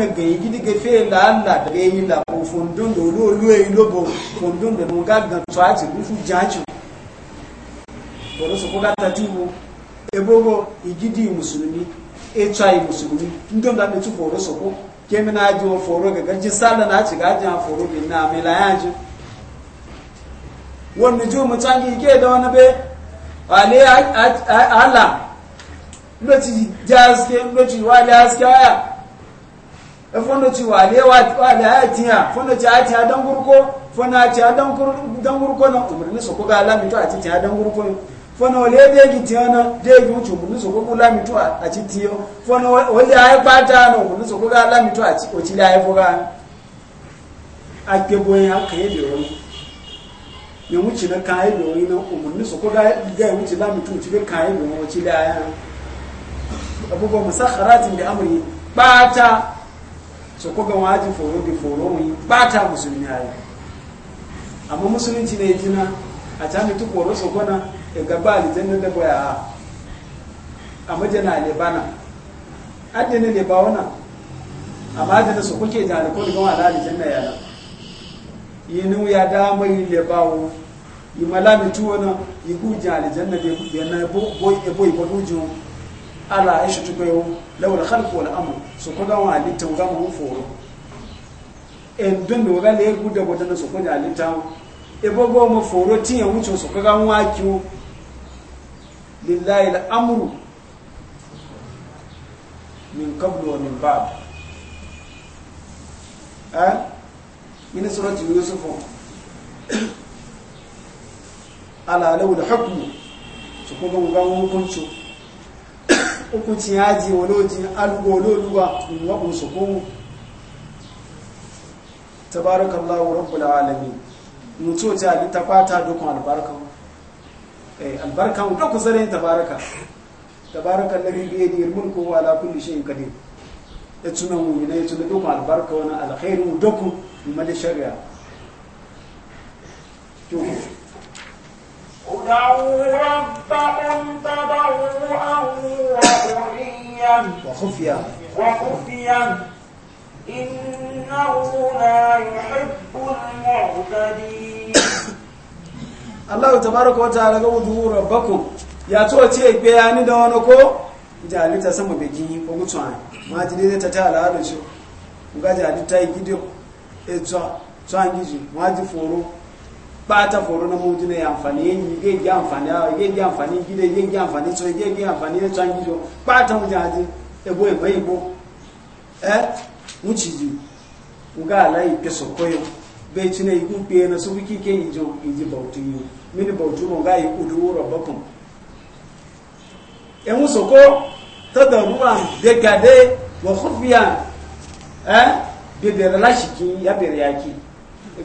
fe la da ga yi la ko do lo e lo bo da mun ga ga fu foro so kuka tatubu e bogo musulmi e musulmi da me tu foro so ko kemi na ajo foro ga garji sala na ci ga ajan foro na me la yaji ju mutangi ke da wani be ale ala ndochi jaske ndochi wale aske aya fondo chi wale wale atia fondo cha dan dangurko fondo dan dangurko na umrini soko ga lami to atia atia dangurko fondo wale degi tiana degi uchu umrini e soko ga lami to atia tio fondo wale aye pata na e umrini soko ga lami to atia ochile aye foga akebo ya yi e woni ne wuce na kayan yawon na umarni su ko ga wuce ka yi ga kayan yawon wuce da yana abubuwa musakharatin bi amri bata so ko gan wajin foro bi foro mu bata musulmi ayi amma musulunci ne jina a tani tu koro so kona e gaba aljanna da boya amma jana ne bana adene ne ba wana amma adene so kuke jana ko gan wala aljanna yana yinu ya da mai le bawo yi malami na yi ku jana da ya na bo bo ba bo ala ya shi tubayo lawal khalqu wal amr su ko ga wani tan ga mu foro en dun do ga le guda boda na su ko ga le tan e bo go mu foro tin ya wuce su ko ga wa kiwo lillahi al amru min qablu wa min ba'd eh? a min surati yusuf ala lawal hukmu su ko ga wa hukunci hukunci yaji waloji algololuwa wa usukun tabarakallahu rabbul alamin mutu ta ali ta fata dukkan albarkan eh albarkan da ku zare tabaraka tabarakan nabi bi yadi mulku wa ala kulli shay'in qadir ya tuna mu ne tuna dukkan albarka wa alkhairu dukkan mal shari'a ادعوا ربكم تضرعا وخفيا وخفيا وخفيا إنه لا يحب المعتدين Allah tabaraka wa ta'ala ga wudu rabbakum ya to ce gbe ni da wani ko jali ta sama begi ko mutuwa ma ji dai ta ta al'adun shi ga jali ta yi gidiyo e tsa ma ji foro kpaata foro na mutu ne amfani yi ge ge amfani a ge ge amfani gide ge ge amfani so ge ge amfani ne tsangi so bata mu jaji e bo eh muci ji peso be pe na so wiki ke yi jo bautu mini bautu mo ga ro ya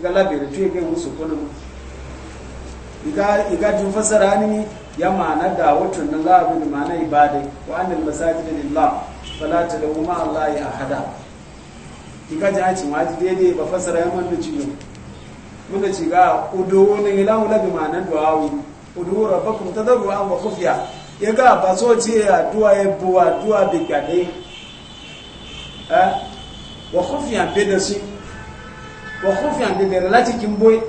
ga la tuye ke iga jin fasara hannu ya ma'ana da wutun nan la'abu da ma'ana ibada wa annal masajid lillah fala tad'u ma allahi ahada iga ji aci ma ji daidai ba fasara ya manna ci ne muka ci ga udu ne ila wala bi ma'ana du'awi udu rabbakum an wa khufiya ya ga ba so ce ya du'a ya buwa du'a bi kade eh wa khufiya bi da shi wa khufiya bi da lati kimboy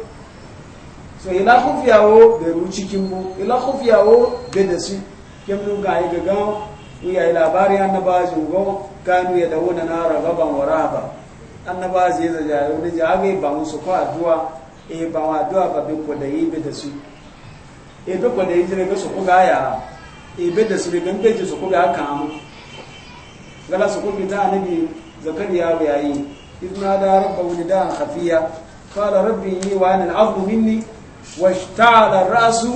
so ila hufiyawo da ruci kimbo ila hufiyawo da da su kimnu ga yi gaggawa ya yi labari annabazi go kanu ya dawo na nara gaban waraba annabazi ya zaja yau da ja aga ba musu ko addu'a e ba wa addu'a ba bin ko da yi be da su e be ko da yi jira ga su ko ga ya e be da su be ben be ji su ko ga mu gala su ko bi ta annabi zakariya ba yayi idna da rabbu nidan khafiya rabbi ربي وأنا العظم مني واشتعل الرأس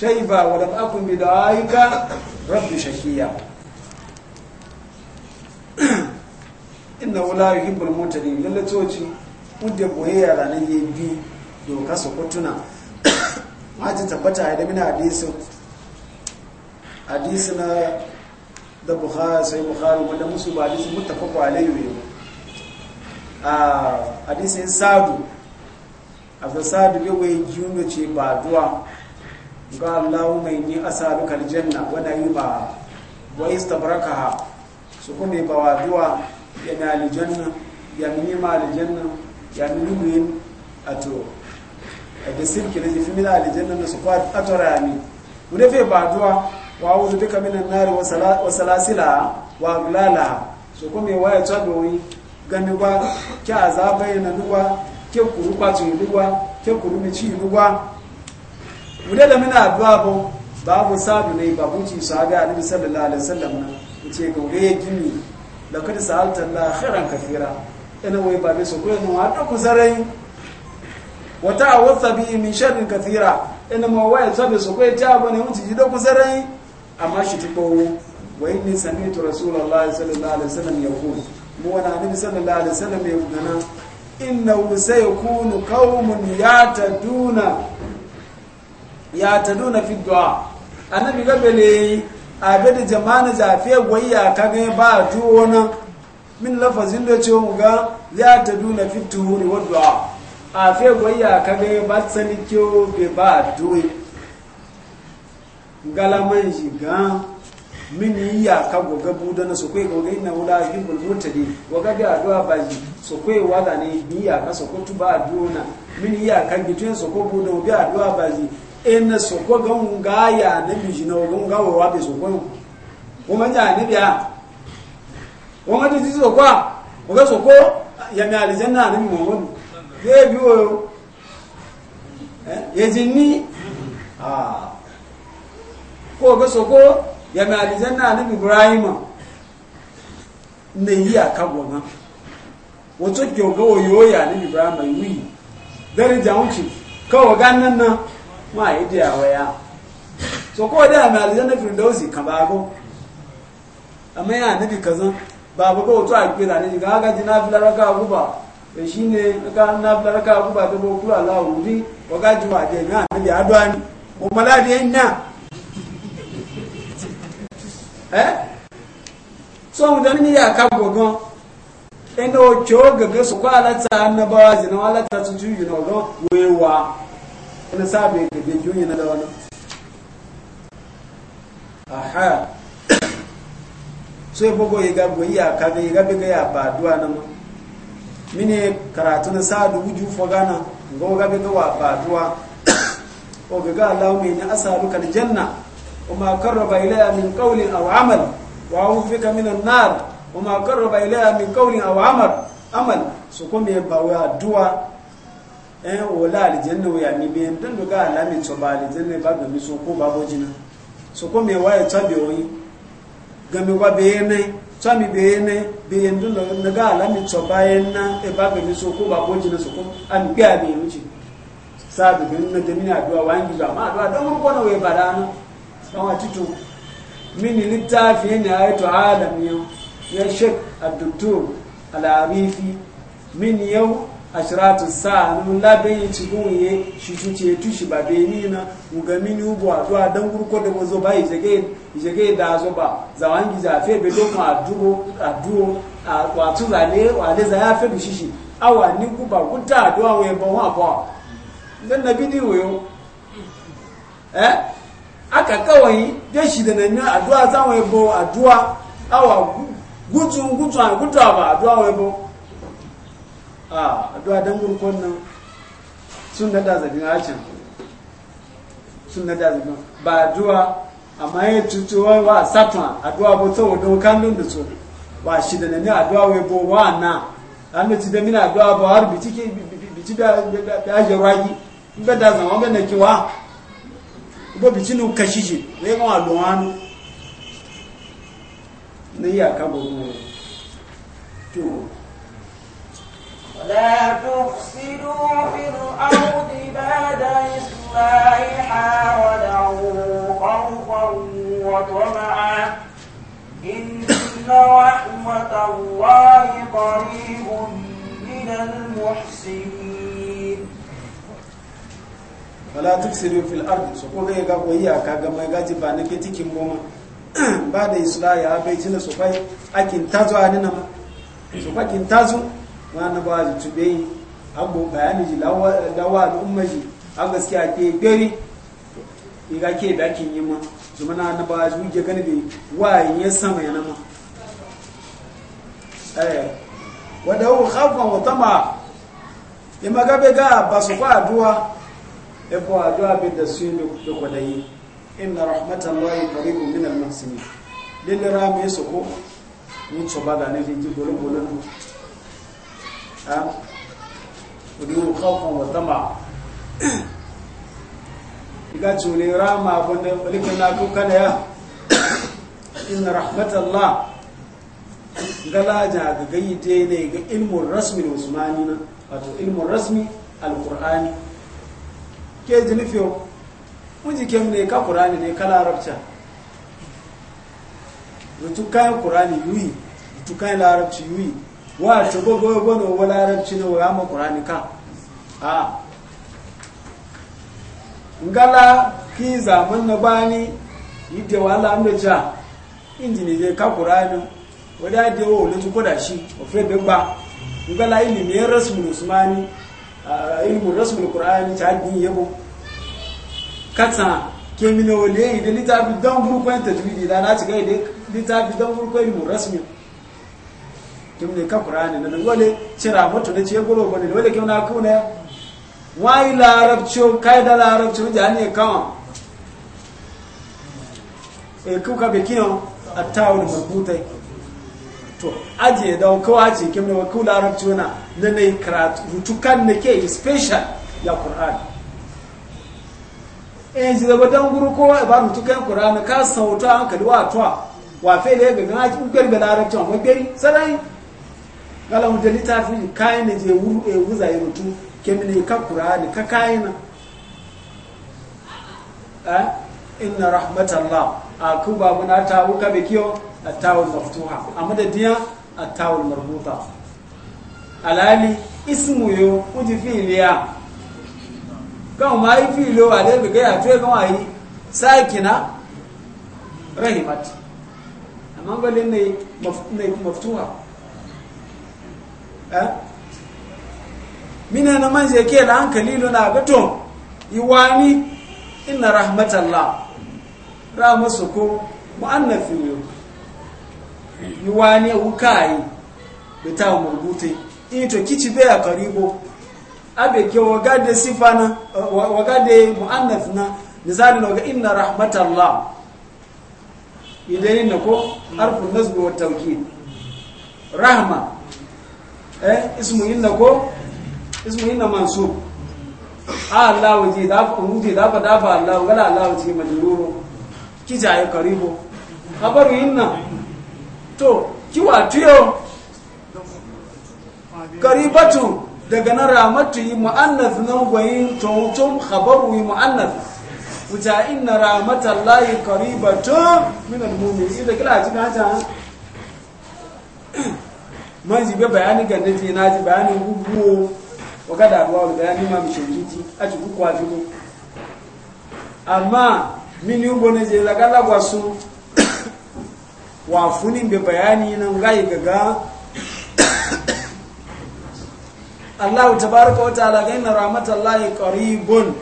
شيبا ولم أكن بدعائك رب شكيا innahu la yuhibbul mutadin lalle toci wanda boyayya ranar ya bi doka su kutuna majin tabbata da mina hadisi hadisi na da bukhari sai bukhari wanda musu ba hadisi muttafaq alayhi a hadisin sadu a ga sadu wai juna ce ba duwa ga allahu mai ni asalu kaljanna wadda yi ba wa istabraka ha su kuma ba wa duwa ya na aljanna ya mini ma aljanna ya mini lubuyin a to a da sirki na jifi mina aljanna na su kwa a tora ya ne wani fai ba duwa wa wuzu duka minan nari wa salasila wa gulala su kuma ya waya tsadowin gani ba kya zabayi yana duwa kekuru kwatu lugwa kekuru michi lugwa mudala mina babu babu sabu ne babu ci sahabi annabi sallallahu alaihi wasallam na yace ga waye gimi laqad sa'alta la khairan kathira ina waye babe so ko mu hada ku sarai wa ta'awatha bi min sharrin kathira ina ma waye sabe so ko ta bane mun ci da ku sarai amma shi tipo wa inni sami'tu rasulullahi sallallahu alaihi wasallam yaqul mu wa annabi sallallahu alaihi wasallam yaqul innahu sayakunu qaumun yataduna yataduna fi du'a annabi a abin jama'an zafiya gwayya kaga ba na min lafazin da ce muga yataduna fi tuhuri wa du'a afiya gwayya kaga ba tsani kyo be ba tuwo galaman shiga min yiya ka goga buda na sokwe goga inna wala yuhibbul mutadin goga ga adwa baji sokwe wala ne yiya ka sokwe tuba aduna min yiya ka gitun sokwe buda bi adwa baji en sokwe gonga ya na bijina gonga wa be sokwe o ma nya ne biya o ma ti sokwa o ga sokwe ya mi aljanna ne mo won ye bi o eh ye jinni ah ko ga sokwe ya alijan na na ibrahima na yi a kagwana wato kyoga oyoya na ibrahima yi dare jawunci kawo ganin nan ma yi da yawa ya so kowa da alijan na firdausi ka bago amma yana nabi kazan ba ga wato a kira ne ga haka ji na filar raka guba da shi ne aka na filar raka guba ta bokula lawuri wa gajiwa da yana nabi adwani kuma ladi eh so mu dan ni ya ka gogon ina o cho gaga su kwa alata annabawa jina alata su juyu na go wewa ina sabe gaga juyu na da wani aha so ya bogo ya gabo ya ka ga ya ga ya ba duwa na mu mine karatu na sadu wuju fogana ngo ga ga wa ba duwa o gaga Allahu mai ni asaluka janna. وما قرب إليها من قول أو عمل وأوفك من النار وما قرب إليها من قول أو عمل عمل سكم يبوا دعاء eh wala aljanna wa yani be dan duga alami to ba aljanna ba ga miso ko ba bojina so ko me waye tabi lo daga alami to ba yana e ba ga miso ko ba bo so soko, an ga be yuci sabi bin na da mina wa an giba ma addu'a dan ko na we ba kama tito mini littafi ne ya yi to alam yau ya shek abduktur al'arifi mini yau ashiratu sa nun labin yi cikin ye shi cuce tushi ba bai ni na muga mini ubu a duwa don gurko da mazo ba ijege da zo ba zawangi zafe bai dokun aduwo a a wato zane wale za ya fi da shishi awa ni ku ba guba guta aduwa wai ban wa ba zan na bidi wayo eh aka kawai dai shi da nan addu'a za mu yabo addu'a awa gutu gutu an gutu ba addu'a wa yabo a addu'a dan gurkon nan sun da da a can sun da da zabin ba addu'a amma ya tutu wa wa satwa addu'a bo to don kallon da so ba shi da nan addu'a wa yabo wa na an da ci da mina addu'a ba har bi ci da da da jarwagi in ga da zaman ga nake wa bobi tinu kashiji we ga wa luwanu ni ya ka gogo to ولا تفسدوا في الأرض بعد إصلاحها ودعوا خوفا وطمعا إن رحمة الله قريب من المحسنين wala siri fil ardi so ko ga ga koyi aka ga mai gaji ba ne ke cikin goma ba da isla ya bai jina so kai akin tazo anina ma so kai kin tazo ma na ba ji tube abu bayani ji lawa lawa al'umma ji a gaskiya ke gari yi ga ke da kin yi ma zuma mana na ba ji wuge gani bi wayin ya sama yana ma eh wadahu khawfan wa tama yamma ga be ga basu kwa aduwa ebo addu'a bi da al-muhsinin galaja ga ne ga rasmi ke ji nufiyo mun kem ne ka kurani ne ka larabca rutu kayan kurani yuyi rutu kayan larabci yuyi wa ci gogo gono wa larabci ne wa ma kurani ka a ngala ki zaman na bani wa wala amda ja injini je ka kurani wadda ya da yawo lutu kodashi ofe bimba ngala ilimi ya rasu musulmani ilmu rasmul qur'ani ta din yabo katsa ke mina wale da litafi don gurkon tajwidi da na ci kai da dan don gurkon ilmu rasmi kim ne ka qur'ani na wale cira mutu da ce goro bane wale kim na ku kuna wai larabcho kai da la larabcho jani kama e ku kuka bekino attawul marbutai to aje da kowa ce ke mai wakil larabci wana na na yi karatu rutukan na ke special ya ƙur'an e eh, ji zaba don guru kowa ba rutukan ƙur'an ka sauta hankali wa tuwa wa fe da ya gaga na cikin gari da larabci wa gari sarai gala mu da littafin kayan da je wuru e wuza ya rutu kim ne ka ƙur'an ka kayan eh inna rahmatallah a ku babu na ta wuka bai kiyo a tawul maftuha a madadiya a tawul marbuta alali ismu yo kuji filiya kan ma yi filo a dai bigai a tuye kan ayi sakina rahimat amma balin ne maftuha eh mina na manje ke da hankali na gato yi iwani inna rahmatallah rama soko mu'annafi yo yuwane ukai beta in to kici be ya karibo abe ke wagade sifana wagade mu'annath na misali na ga inna rahmatallah idan na ko harfun nasb wa tawkid rahma eh ismu inna ko ismu inna mansub ah, Allah waje da ku waje da ba da ba Allah wala Allah waje majruru kija kari karibu habaru inna to kiwa tuyo karibatu daga na ramatu yi mu'annas nan gwayin tuntun habaru yi mu'annas wuta inna kari layi karibatu minan mummi da kila ji na ta man jibe bayani ga naji na ji bayanin gugu wa gada ruwa da bayani ma mishin jiji a ji gugu a amma mini ubone je gala wasu wa funin be bayani nan gai gaga Allah tabaraka wa ta'ala ga inna rahmatallahi qaribun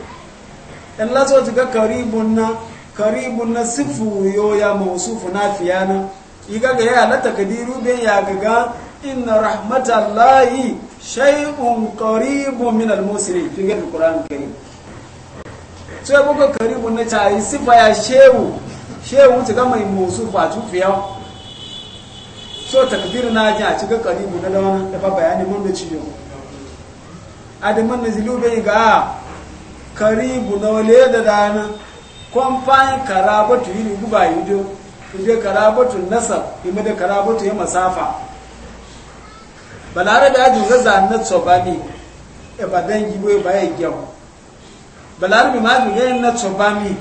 in la so ga qaribun na qaribun na sifu yo ya mawsufu nafiyana iga ga ya la takdiru be ya gaga inna rahmatallahi shay'un qaribun min al-musri fi al-qur'an karim sai buga karibu na cayi sifa ya shehu shehu ta gama yi musu fatu fiya so takbir na ji a cikin karibu na dawa da ba bayani mun da ciyo adaman na zilu bai ga karibu na wale da dana kwamfani karabatu yi ne guba yi do ije karabatu nasar ime da karabatu ya masafa balare da ajin zaza na tsobani e ba dangi bai ba ya gyamu balari mi ma gbìyànjú na tsoba mi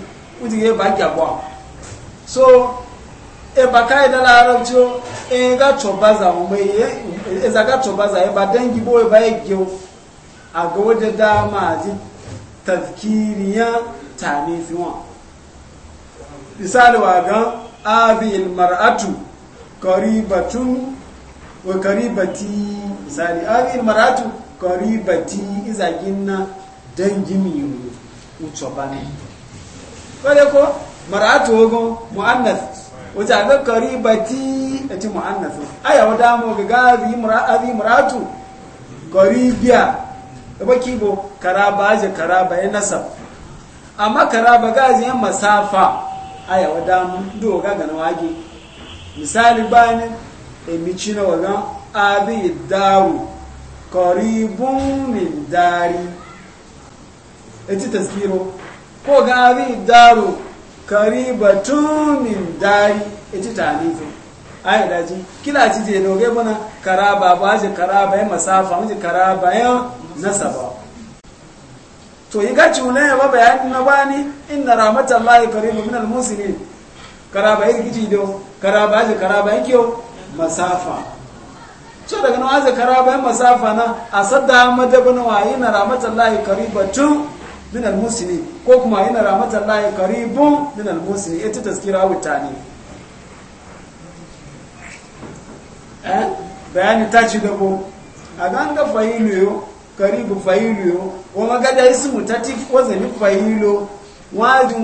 o e e ti yé e ba jàbọ so eba ka ida la arab tí o ega tsoba za o me ye eza ka tsoba za eba dangi bo ba eba ege o agawo da dama àti tafkiriya tani fi wọn misali wa gan abiyil mar'atu karibatun wa karibati misali abiyil mar'atu karibati izagin na dangin yiwu ucho bani wale ko mar'atu hogo muannas kari ga qaribati ati muannas aya wada mu ga gazi mar'ati mar'atu qaribiya ba kibo karaba je karaba ya nasab amma karaba gazi yan masafa aya wada mu do ga gana wage misali bani emichina wagan adi daru qaribun min dari eti taskiro ko gari daru karibatun min dari eti tanifu ai daji kila ci je noge mana karaba babu aje karaba bayan masafa mu je karaba ya nasaba to yi gaci wuna ba bayani na bani inna rahmatallahi qaribu min almuslimin karaba bayan gici do ba aje je bayan yake masafa so daga nan aje karaba bayan masafa na asadda madabana wa yi na rahmatallahi qaribatun min al ko kuma ina rahmatullahi qaribun min al-musli ita tazkira wa ne bayani ta ci gabo a ganga fa'ilu karibu fa'ilu yo magada ismu tati ko zani fa'ilu waji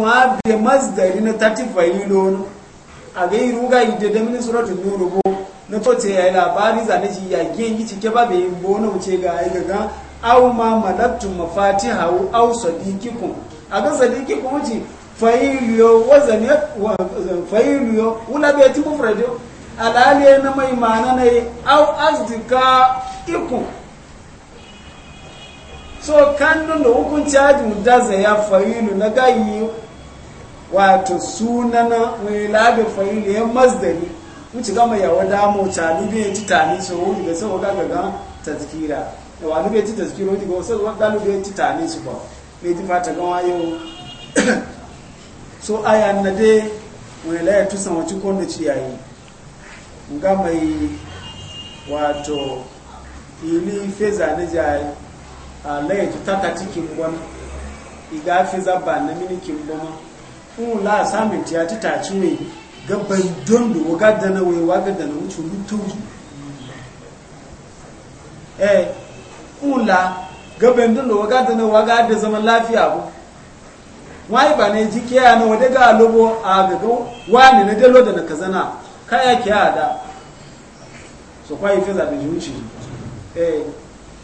na tati fa'ilu a ga iru ga ide da min bo na to ce yi labari zane shi ya gengi cike ba bai bo na wuce ga ai ga aw ma malattum mafatihahu aw sadiqikum aga sadiqikum wuci failiyo wazani failiyo wula be ti mufrajo alali na mai mana ne aw azdika ikum so kan nun da hukunci haji daza ya fayilu na gayi wato sunana mai labe fayilu ya mazdari wuce gama yawa damo tani biyan ci tani so wuri da sau gaga tazkira wa ni beti tazkiro ti go so wa dalu beti tani su ba ti fata gan wayo so aya na de wani la tusan wacce wacin ci yayi ga mai wato ili feza na jayi a laye ta tata cikin gwan iga feza ba na mini kin goma un la samin ta ti taci ne gaban dondo don da wagadana wai wagadana wucin na wuce eh kula gaban dun da waga da na waga da zaman lafiya ko wai ba ne ji kiya na wade ga lobo a gaga wani na dalo da na kazana kaya kiya da so kwai feza da juci eh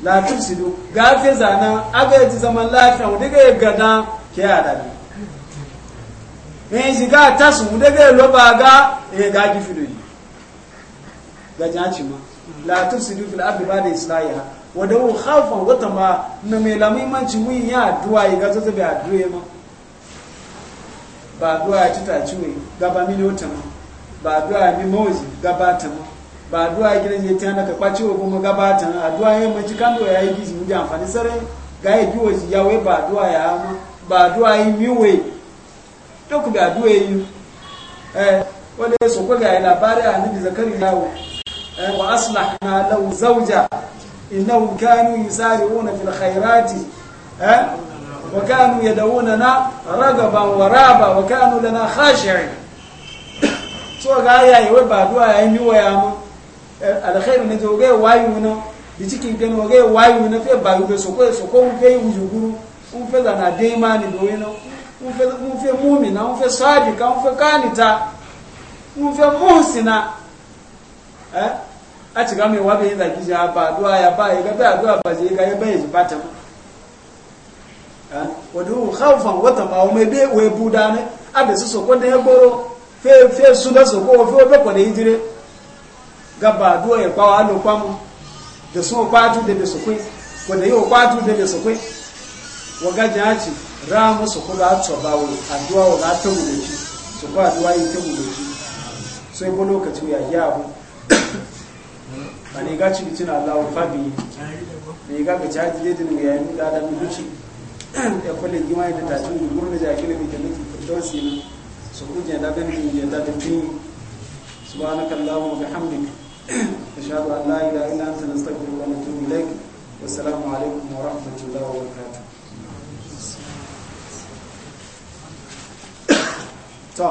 la tufsidu ga feza na aga ji zaman lafiya wade ga gada kiya da ne ga ta su wade ga loba ga eh ga gifido ga jaci ma la tufsidu fil ardi ba da islahiha wadda wun hafa wata ma na mai lamaimanci mun yi addu'a yi gaza zabe addu'a ya ma ba addu'a ya ci taci wai gaba miliyota ma ba addu'a ya bi mawazi gaba ta ma ba addu'a ya gidan ya tana ka kwace wa kuma gaba ta ma addu'a ya manci kando ya yi gizi mu amfani sarai ga ya biyo ji ya wai ba addu'a ya ma ba addu'a ya mi wai to ku eh, ga addu'a yi eh wanda ya so ko ga labari a nabi zakari yawo wa aslahna lau zauja إنهم كانوا يسارعون في الخيرات أه؟ وكانوا يدعوننا رغبا ورابا وكانوا لنا خاشعين so ga ya yi wai ba duwa ya yi miwa ya mu alkhairu ne zo ga wayu na di cikin gani ga wayu na fe ba ga so ko so ko mu fe wujuguru mu fe da na dai ma ni do yana mu muhsina a ci game wa bai zaki ja ba duwa ya ba ya ga ba duwa ba je ga ya bai ji fata mu eh, wa du khawfan wa tamaw me be we budane abe su soko da goro fe fe su soko fe o doko da hijire ga ba duwa ya kwa alo kwa mu da su kwa tu da be sokoi ko da yo kwa tu da be sokoi wa ga ramu soko da to ba wo aduwa wa ta mu da shi soko aduwa yi ta mu da shi sai bo lokacin ya yi abu ba ga ci bitin Allah fabi ne ga ga caji yadda ne ya yi da da mutuci ya kulle gima da ta da gurna jakila bi da nake firdon sina su kuje da ban din ya da da tin subhanaka allahumma bihamdik ashhadu an la ilaha illa anta nastaghfiruka wa natubu ilaik wassalamu alaikum wa rahmatullahi wa barakatuh to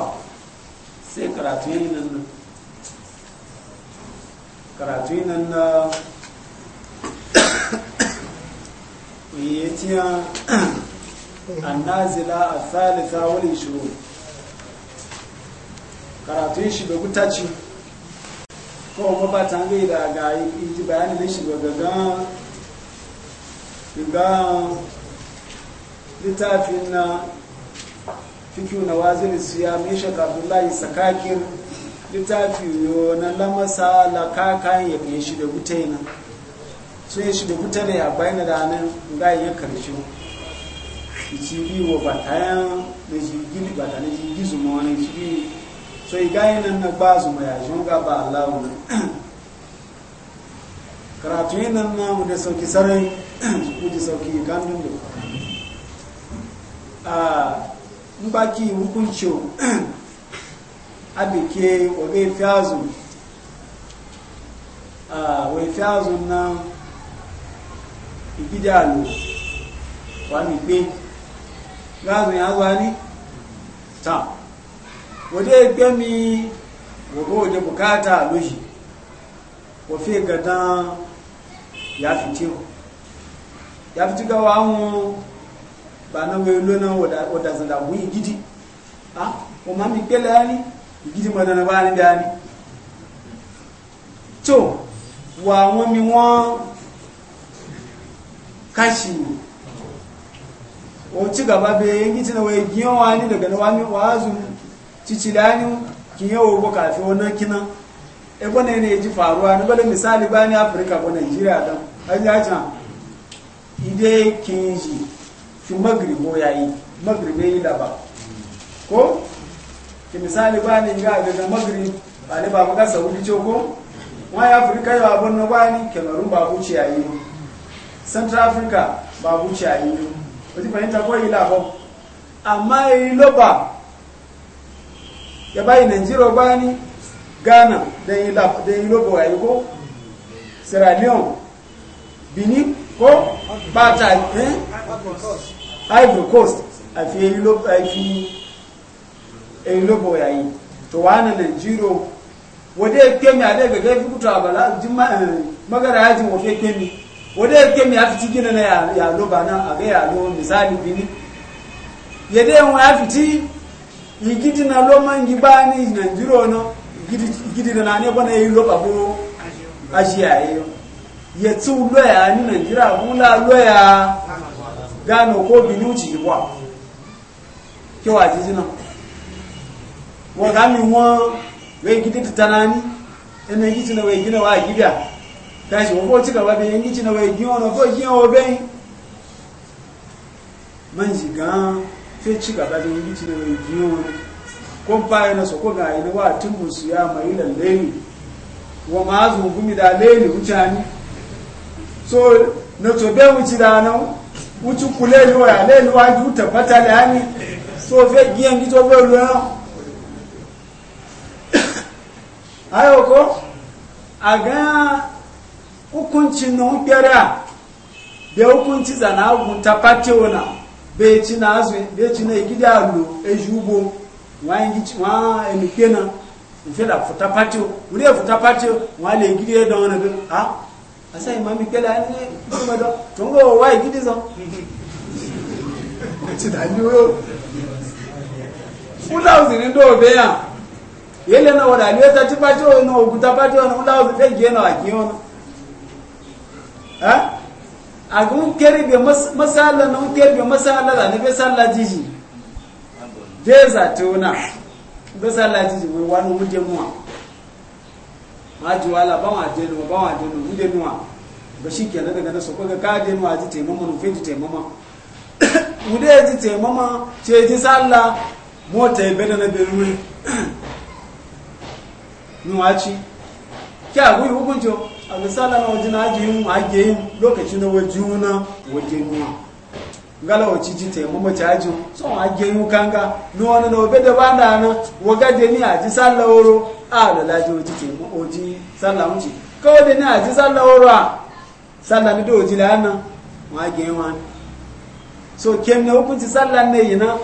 sai karatu yin nan karatu nan na yetiya annazila a thalitha wal Karatu yin shi da gutaci ko ba ta ngai da ga yi bayanin da shi ga ga littafin na fikiyu na waziri siya ya abdullahi sakakir littafi yo na lamasa la kakan ya kai shi da gutai nan so ya shi da gutai ne a bayan da nan ga ya karshe ichi bi wo batayan da ji gidi bata ne ji gizu ma wani shi bi so i ga nan na ba su ma ya jin ga ba Allah karatu yin nan na mu da sauki sarai ku ji sauki gandun ah, da da a mbaki hukuncin abike wabe fiyazu a wai fiyazu na igidalu wa mi gbe gazu ya zuwa ni ta wade gami wage wage bukata loji wafe gada ya fiti ya fiti wa mu ba na wai lona wadazanda wuyi gidi ha o ma mi gbele ya ni gidi mana na bani dani to wa won mi won kashi o ci gaba be yin ci na wai giyan wani daga na wani wazu cicilani kiyan wo boka fi wannan kina e bane ne ji faruwa ni bane misali bani afirka ko nigeria dan an ya can ide kinji fi magribo yayi magribe yi daba ko ki misali ba ni ga daga magri ba ni ba muka saudi coko wa ya afirka ya abun na bani cameroon ba ku ci yayi central africa ba ku ci yayi wati fahimta ko yi ba amma yi loba ya bayi nigeria bani ghana da yi loba wa yi ko sierra leone benin ko bata eh ivory coast a fi yi loba a fi e ya yayi to wani da jiro wadai kemi a daga gaifi kutu a bala magara yajin wafe kemi wadai kemi ya fiti gina na ya loba na a ga ya loba misali bini ya dai wa ya fiti igidi na loman giba ni na jiro no igidi na ne bana yi loba buru ajiya yayi ya tsu loya ni Nigeria bula loya gano ko binu ci kwa kewa na. wọ́n ká mi wọ́n wẹ́n gidi ti tana ní ẹnu èyí tí na wẹ́n gidi wà gidi à tàṣì wọ́n kó tí kàwá bẹ́ẹ̀ èyí tí na wẹ́n gidi wọn kó yí wọn bẹ́ẹ̀ manji gan fẹ́ ci gaba da èyí tí na wẹ́n gidi wọn ko baya na ko ga ina wa tumu su ya mai lalleni wa ma zu gumi da leni wucani so na to be wuci da nan wuci kule yo ya leni wa ju tabbata da yani so fe giyan gito be na? ayo ko a ga hukuncin na hukyara da hukunci zana agunta pationa bai ci na azu bai ci na igida alo ejubo wa ingici wa emikena nfe da futa patio wuri ya futa patio wa le igidi ya don wani ha asa imam ikela ne kuma don tun ga wa igidi zan ci da ni o fula uzini do be ya yele na wala aliyo tati pati ono okuta pati ono ula uzifegi eno akiono ha aga unkeri bia masala na unkeri bia masala la nebe sala jiji deza tona be sala jiji we wanu muje mwa maji wala ba ma denu ba ma denu muje nuwa ba shi kenan daga nasu ko ga ka denu aji taimama no fedi taimama ude ji taimama ce ji sala mota ibeda na beruwe nuwaci kya guyi hukuncin na wajen ajiyin ajiyin lokaci na wajuna wajen nuwa gala wace ji taimu mace ajin son ajiyin kanga ni wani na obe da na waga ni aji sallah woro a da oji kawai da ni aji salla a salla ni so kem na hukunci sallah ne na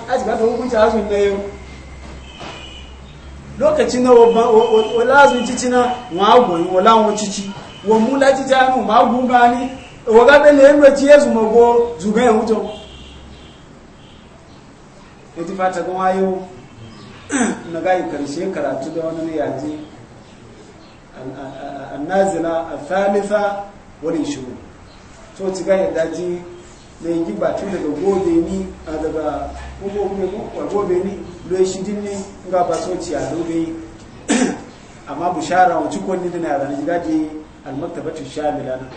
Lokacin na walazu cici na wọ́n walawon wọ́n láwọn cici anu ma guga ni waga bele yadda ci yesu mago zuga ya wuto ya yẹ́sù fata kuma yau na gayi karshe karatu da wani yaji annazila alfalifa wani shuru so daga gobe ni a daga gobe ni lo shi ne ga ba so ci a dobe amma bushara ci ko da na ran gaji al almaktabatu shamila na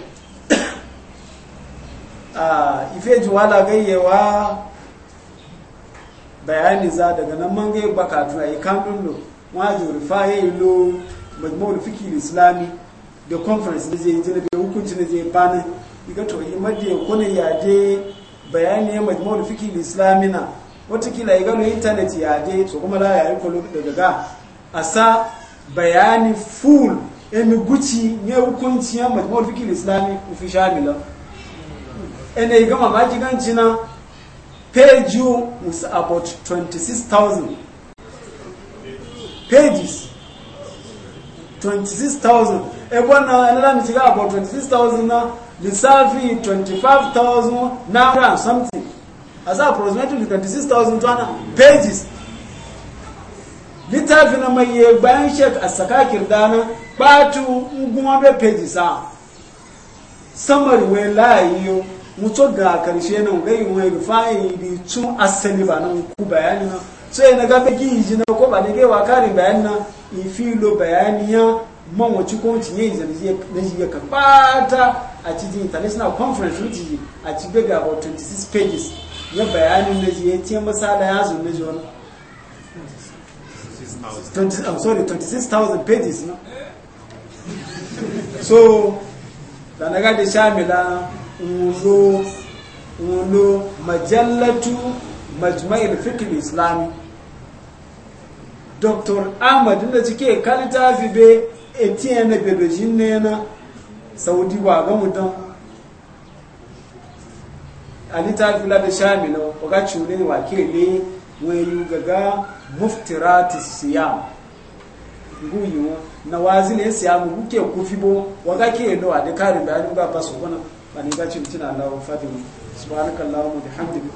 a ife juwala gayyewa bayani za daga nan man gaye bakatu yi kamun lo wajo rufa yi lo majmur fikir islami da conference da zai yi da hukunci da zai bani ga to yi madde ko ne yaje bayani fikir islami na watakila ya gano intanet ya je su kuma la ya yi kolo daga ga a sa bayani full emi guci ne hukunci ya majmuwar fikir islami fi shamila ene yi gama maki e ganci na page you was about 26,000 pages 26,000 ebe na enela mi about 26,000 na lissafi 25,000 na something as approximately 26,200 pages littafi na mai yi bayan shek a sakakir dana batu nguma be pages a samari wai layiyo mutu ga karshe nan gai wai rufayi bi tun asali ba nan ku bayani na so yana gafe yi na ko ba ne gaiwa karin bayani na ifilo bayani ya man wacce ko wacce ya yi zarge na jiya ka bata a cikin international conference wuce a cikin ga 26 pages ya bayanin na ji ya ce masala ya zo na ji wani 26,000 pages, na so, da na gadi shamila, ulo, majalatu majallatu, majma'il fikil islami. Dr. Ahmad da cike kalita be etiyan na bebejin ne na Saudi wa ga mutum. anita fila da shamina waga cune ne wakili wayu gaga muftirati siyam nguyu na wazi ne siyam buke kufibo waga ke no adikarin bayan ga basu kona bani ga cin tina Allah fadimu subhanaka allahumma bihamdika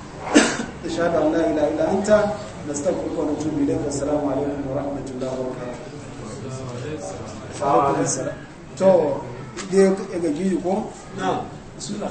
ashhadu an la ilaha illa anta nastaghfiruka wa natubu ilayka assalamu alaikum wa rahmatullahi wa barakatuh to de ga jiji ko na bismillah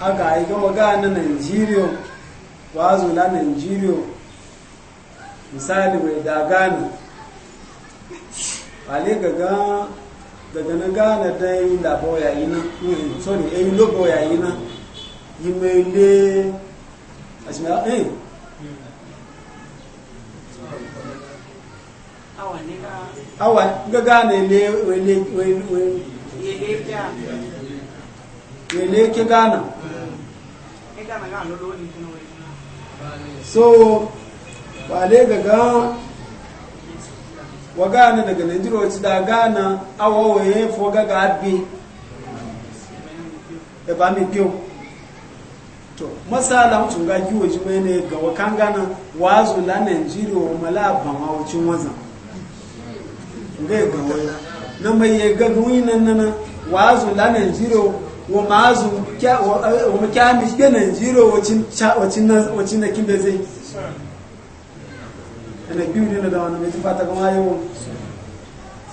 aka aika waga na nigeria wazo na nigeria misali mai dagana ale gaga daga na gane da yi labo yayi na sorry yi eh, lobo yayi na yi mai le a shi mai eh awa gaga ne le wele wele wele ke gana so wale gaga wa gane daga nigeria wacce da gana awawaye foga ga abi da ba mai biyu to masala mutum ga kiwo ji mai ne ga wakan gana wazo la nigeria wa mala ma wucin waza ga ga waya na mai ya ga nuna nan wazo la nigeria wa mazu wa makami ga Najiro wacin na kimbe zai da biyu ne da wani mai fata kuma yau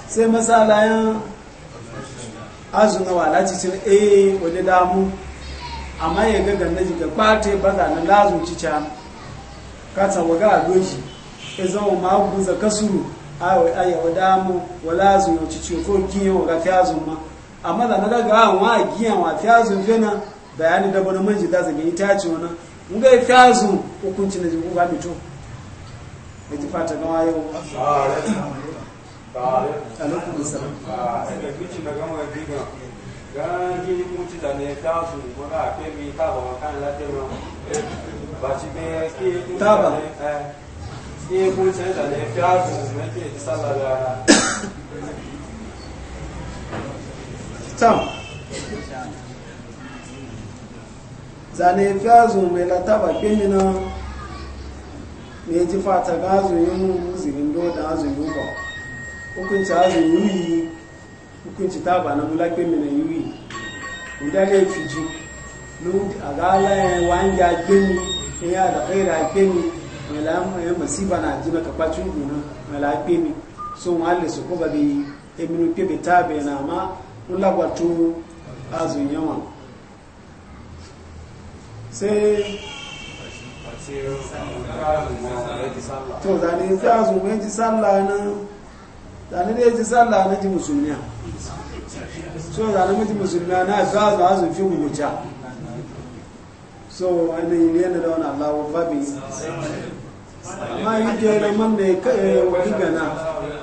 sai masala yan azuna wala ci cin eh wani damu amma ya ga ganna ji ga kwate baza na lazu ci ca ka tsawo ga doji e zama ma guza kasuru ayo ayo damu wala zu ci ci ko kiyo ga fiyazun ma amma da na daga wa giya wa fena bayani da bana manji da zai ita ce wani mun ga fiyazu hukunci na jikin ba mito ya ji fata gama yau ba salam gangi da ne ba kan la te ma ba ci be ki ta ba eh da ne ta tam zane fiya zo mai lataba kemina mai ji fata ga azuyin mu zirin da azuyin ba hukunci azuyin yi hukunci ta ba na mula kemina yi udale fiji lóòdì àgáálá ẹ̀ wá ń ya gbémi ẹ̀yà àdàkẹ́rà gbémi mẹ̀lá ẹ̀ màsíbà náà jí mẹ́ka pàtó ìgbìmọ̀ mẹ̀lá gbémi so wọ́n su lè sọ́kọ́ bàbí ẹ̀mínú pébè táàbẹ̀ náà kula azu azun yawan sai to zane zai azu mai ji sallah na zane da ji sallah na ji musulmiya so zane mai ji musulmiya na ya fi azu azun fi guguca so ainihin ne da wani allawo babi ma yi ke da man da ya kai eh, wa gana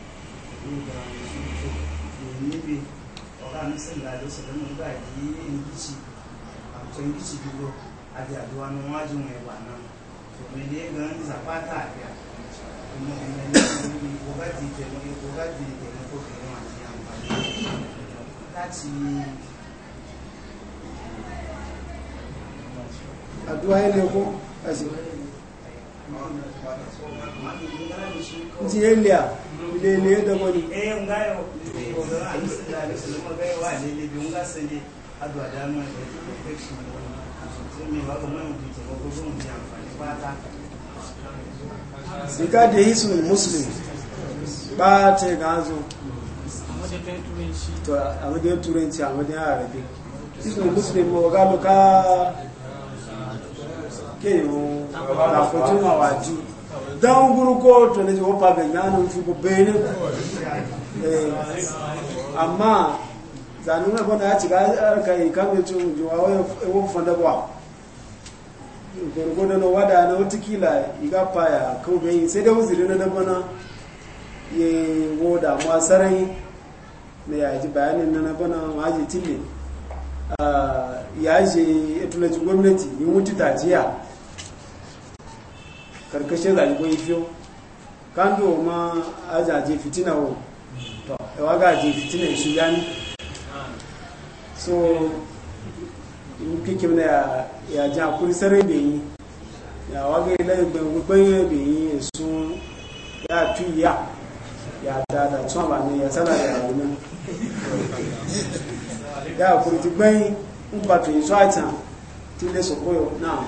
níbi ọ̀rá ní sílẹ̀ àjọsọ̀rọ̀ ní ìgbà yìí ẹ̀ǹkìtì àtúntò ẹ̀ǹkìtì dúró àti àdúrà ní wọ́n á jù wọn jiyeliya lele da wani eh ngayo sani muslim ba ta gazo to a wajen turanci a wajen arabi Isu muslim ma ga ka ke yo eh, na fotuma waju dan guru ko to ne jo pa ga nyanu fi ko bene amma zanuna bona ya ciga ka yi kan to jo wa wo fanda ba gurgudu na wada na watakila iga paya ko bai sai da wuzuri na dabana ya wo da ma sarai na ya ji bayanin na na bana ma ji tilin ah, ya ji etulajin gwamnati yi mutu tajiya karkashin zalibo yi fiyo kan do ma ajaje fitina wo to e gaje fitina shi gani so in kike na ya ya ja kuri sare be yi ya wa ga ile gbe gbe be yi so ya tu ya ya da da tun ba ni ya sala ya wo na ya kuri ti gbe n ba yi so atan ti le so koyo now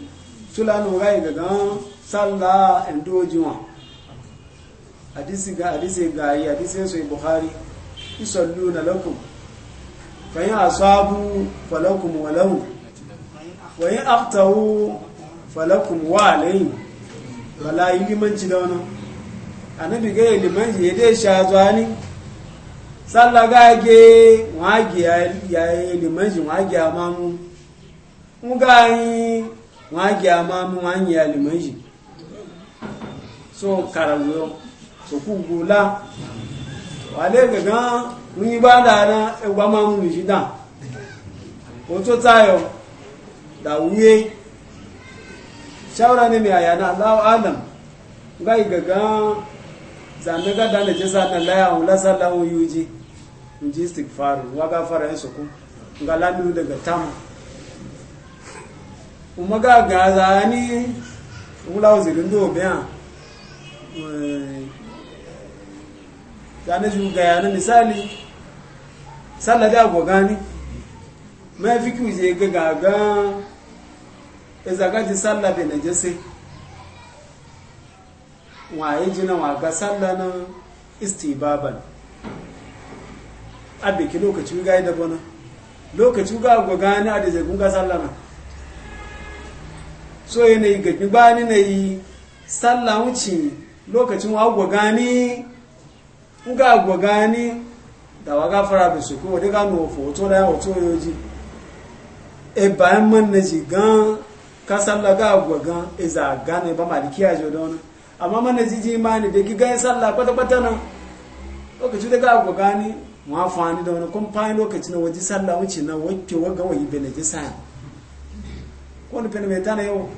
fulani ga ga gagan salla in dojiwa hadisi ga hadisi ga yi hadisi su bukhari isallu na lakum yin asabu falakum walahu wayin aktahu falakum wa alayhi wala yi limanci da wani annabi ga yi limanci ya dai sha zuwa salla ga ge ge ya yi limanci wa ge mamu mu ga yi wọ́n á jẹ́ àmọ́ mú wọ́n á yẹ àlìmọ́ yìí so kàràwọ̀ sòkú gbòlá wà lè gẹ̀gán mú yí bá dáadáa ẹgbà máa mú ìṣí dà ó tó táyọ̀ dàwúyé shawara ne mai ayana allahu alam ga gẹ̀gán zane ga dana je sa dan laya wala sallahu yuji yuji istighfar wa gafara yin sukun ga lamu daga tamu kuma ga gaza ni wula zirin dobe a gane shi gaya na misali da agwaga gani mai fi k'u je ga gaga izagaji da na jese yi jina waga sallana istibaban abiki lokaci ga yi dabana lokaci ga agwaga ni a da zagun um ga na. so yanayi ga gbani na yi sallah wuce lokacin wa agwa gani in ga agwa gani da wa gafara bi su kuma duka no foto da hoto yoji e bayan man na ji gan ka sallah ga agwa gan e za gane ba malikiya jo don amma man na ji ji imani da ki gan sallah kwata kwata na lokacin daga agwa gani mu afani da wani kun fa lokacin waje sallah wuce na wacce waga wayi bene ji sani kwani pene metana yau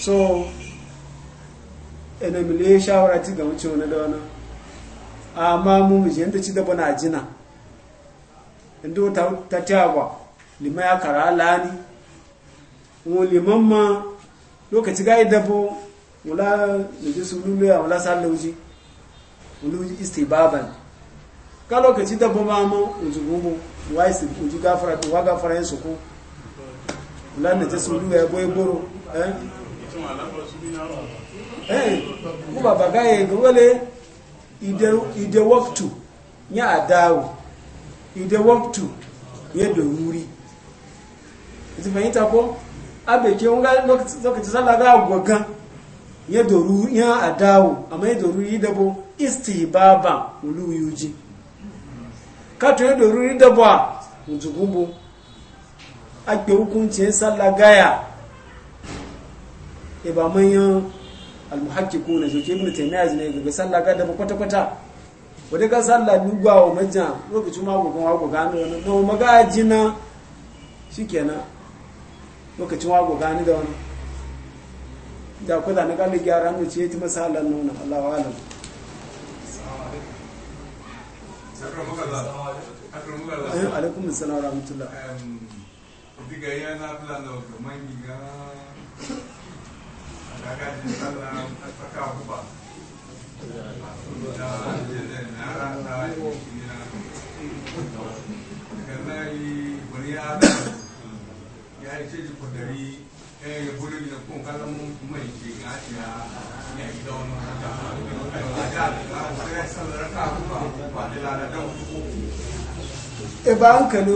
so ene mile shawara ti ga wuce wani da wani amma mu miji yadda ci daba na jina inda ta tiyawa lima ya kara alani mu liman ma lokaci ga idabo wula da ji su lulu ya wula sallauji wulu istibaban ka lokaci daba ma mu uzugubu wai su uji gafara to wa gafara yin suku lan na ta sulu ya boye goro eh eh ku baba ga ye gole ide ide waftu nya adawo ide waftu ye do wuri abèké wọn gá lọ́kìtì sálága àgbọ̀gán yẹ́ dòrú yán àdáwò àmọ́ yẹ́ dòrú yídẹ́bó ìstì bá bà olúwìí kato ya doruri da ba zugubu ake hukuncin sallah gaya e ba manyan almuhakkiku na soke ibn taymiyyah zina ga sallah gada ba kwata kwata wadda ka sallah lugba wa majiya lokacin magogon wago gano wani no magaji na shi kenan lokacin wago gani da wani da kuda na gani gyara mu ce ti halar nuna allawa halar alaikum salam rahmatullah diga yana plana ga mangiga daga sallah da wani ya ya ce ji kudari ebe hankali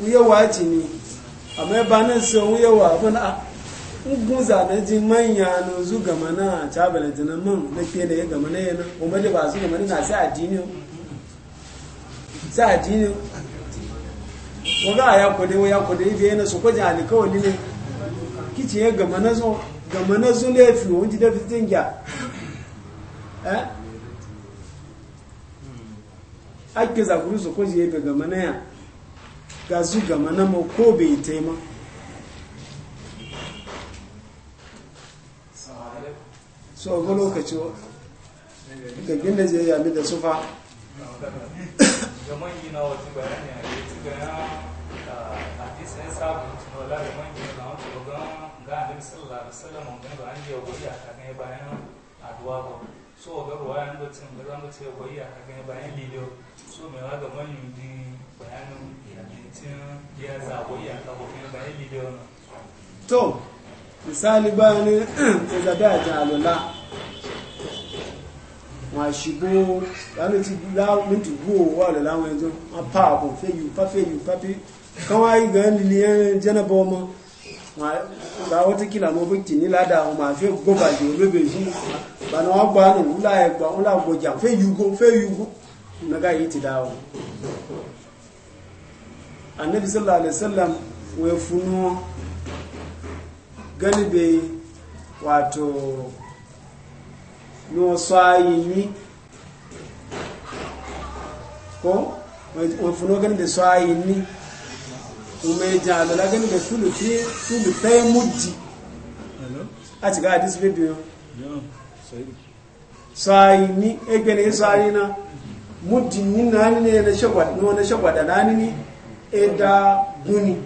wuyewa ce ne amma ebe nan sai wuyewa abin a guza na ji manya na zu gama na cabana jinan man na fiye da ya gama na yana kuma da ba su gama na sai addini sai addini waga a ya kode wa ya kode ibe yana su kwajin alikawali ne kici ya gama na zo gama na zo laifi wọn ti dafi tin gya ake zakuru su kwaji ya gama na ya ga su gama na ma ko bai taima so ga lokaci ga gina je ya da sufa gaman yi na wata bayani a yi a disa ya tunola sallallahu alaihi wasallam ngan do anje go ya so ga ruwa yan go tin ga zan ce go ya ka ne so me wa ga di bayanin tin ya za go ya ka go ne ba yan lilo to misali ba ni ko da da ta alula wọn àṣìbò láàrín tí láàrínjùgbò wà lè láwọn ẹjọ́ wọn pààbò fẹ́yù pàfẹ́yù pàfẹ́ káwọn ayé gan lílé ọmọ ba watakila mo bukti ni lada o ma fe go ba jo lebe ji ba na wa gba nu la e gba la go ja fe yugo fe yugo na ga yi ti dawo annabi sallallahu alaihi wasallam we funu galibe wato no swayi ni ko we funu galibe swayi ni mai ji alala gani da sulufi sulufe mujji a cika a dis video sayi ni egbe sayi na mujji ni na ni ne na shagwada na ni ni eda guni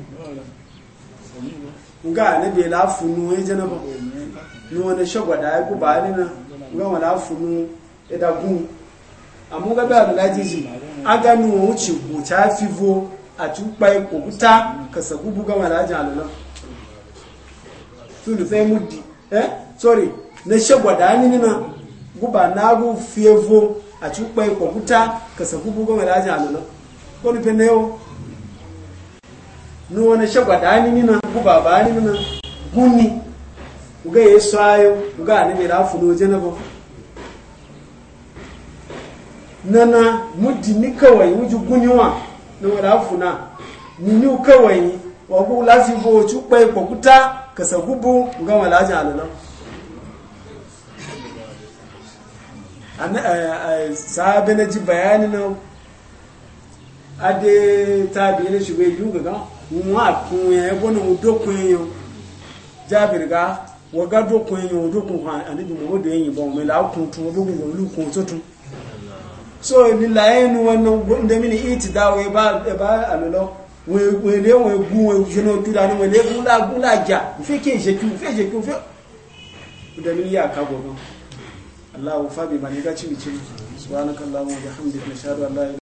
nga ne be la funu e jana ba ni wani da ya guba ni na nga wala funu eda guni amma ba da lajiji aga ni wo ci go ta fivo a cuɓayin ƙuta ka sagu buga malajin alunan tulu sai muddi eh sorry na shagwada ni na guba na gu fievo a cuɓayin ƙuta ka sagu buga malajin alunan ko nufe na yau nuwa na shagwada ni na guba ba ni na guni uga ya so ayo uga ni mai rafu no na nana muddi ni kawai wuju guniwa na wada funa minu kawai wa ku lati bo chu pe pokuta kasagubu ga wala ja alala an eh, eh, bayani na ade tabi ne shugbe yuga ga mu akun ya na udokun yo jabir ga wa ga dokun yo udokun ha anibi mu odo yin bo mi la kun tun ológun olukun so ni laenu wano nde mini iti da ba e ba anulo we we le we gun we ni we le gun la gun la ja ife ke je ki ife je ki mini ya ka gogo allah fa bi mani ga chi mi chi wa bihamdika nashhadu an la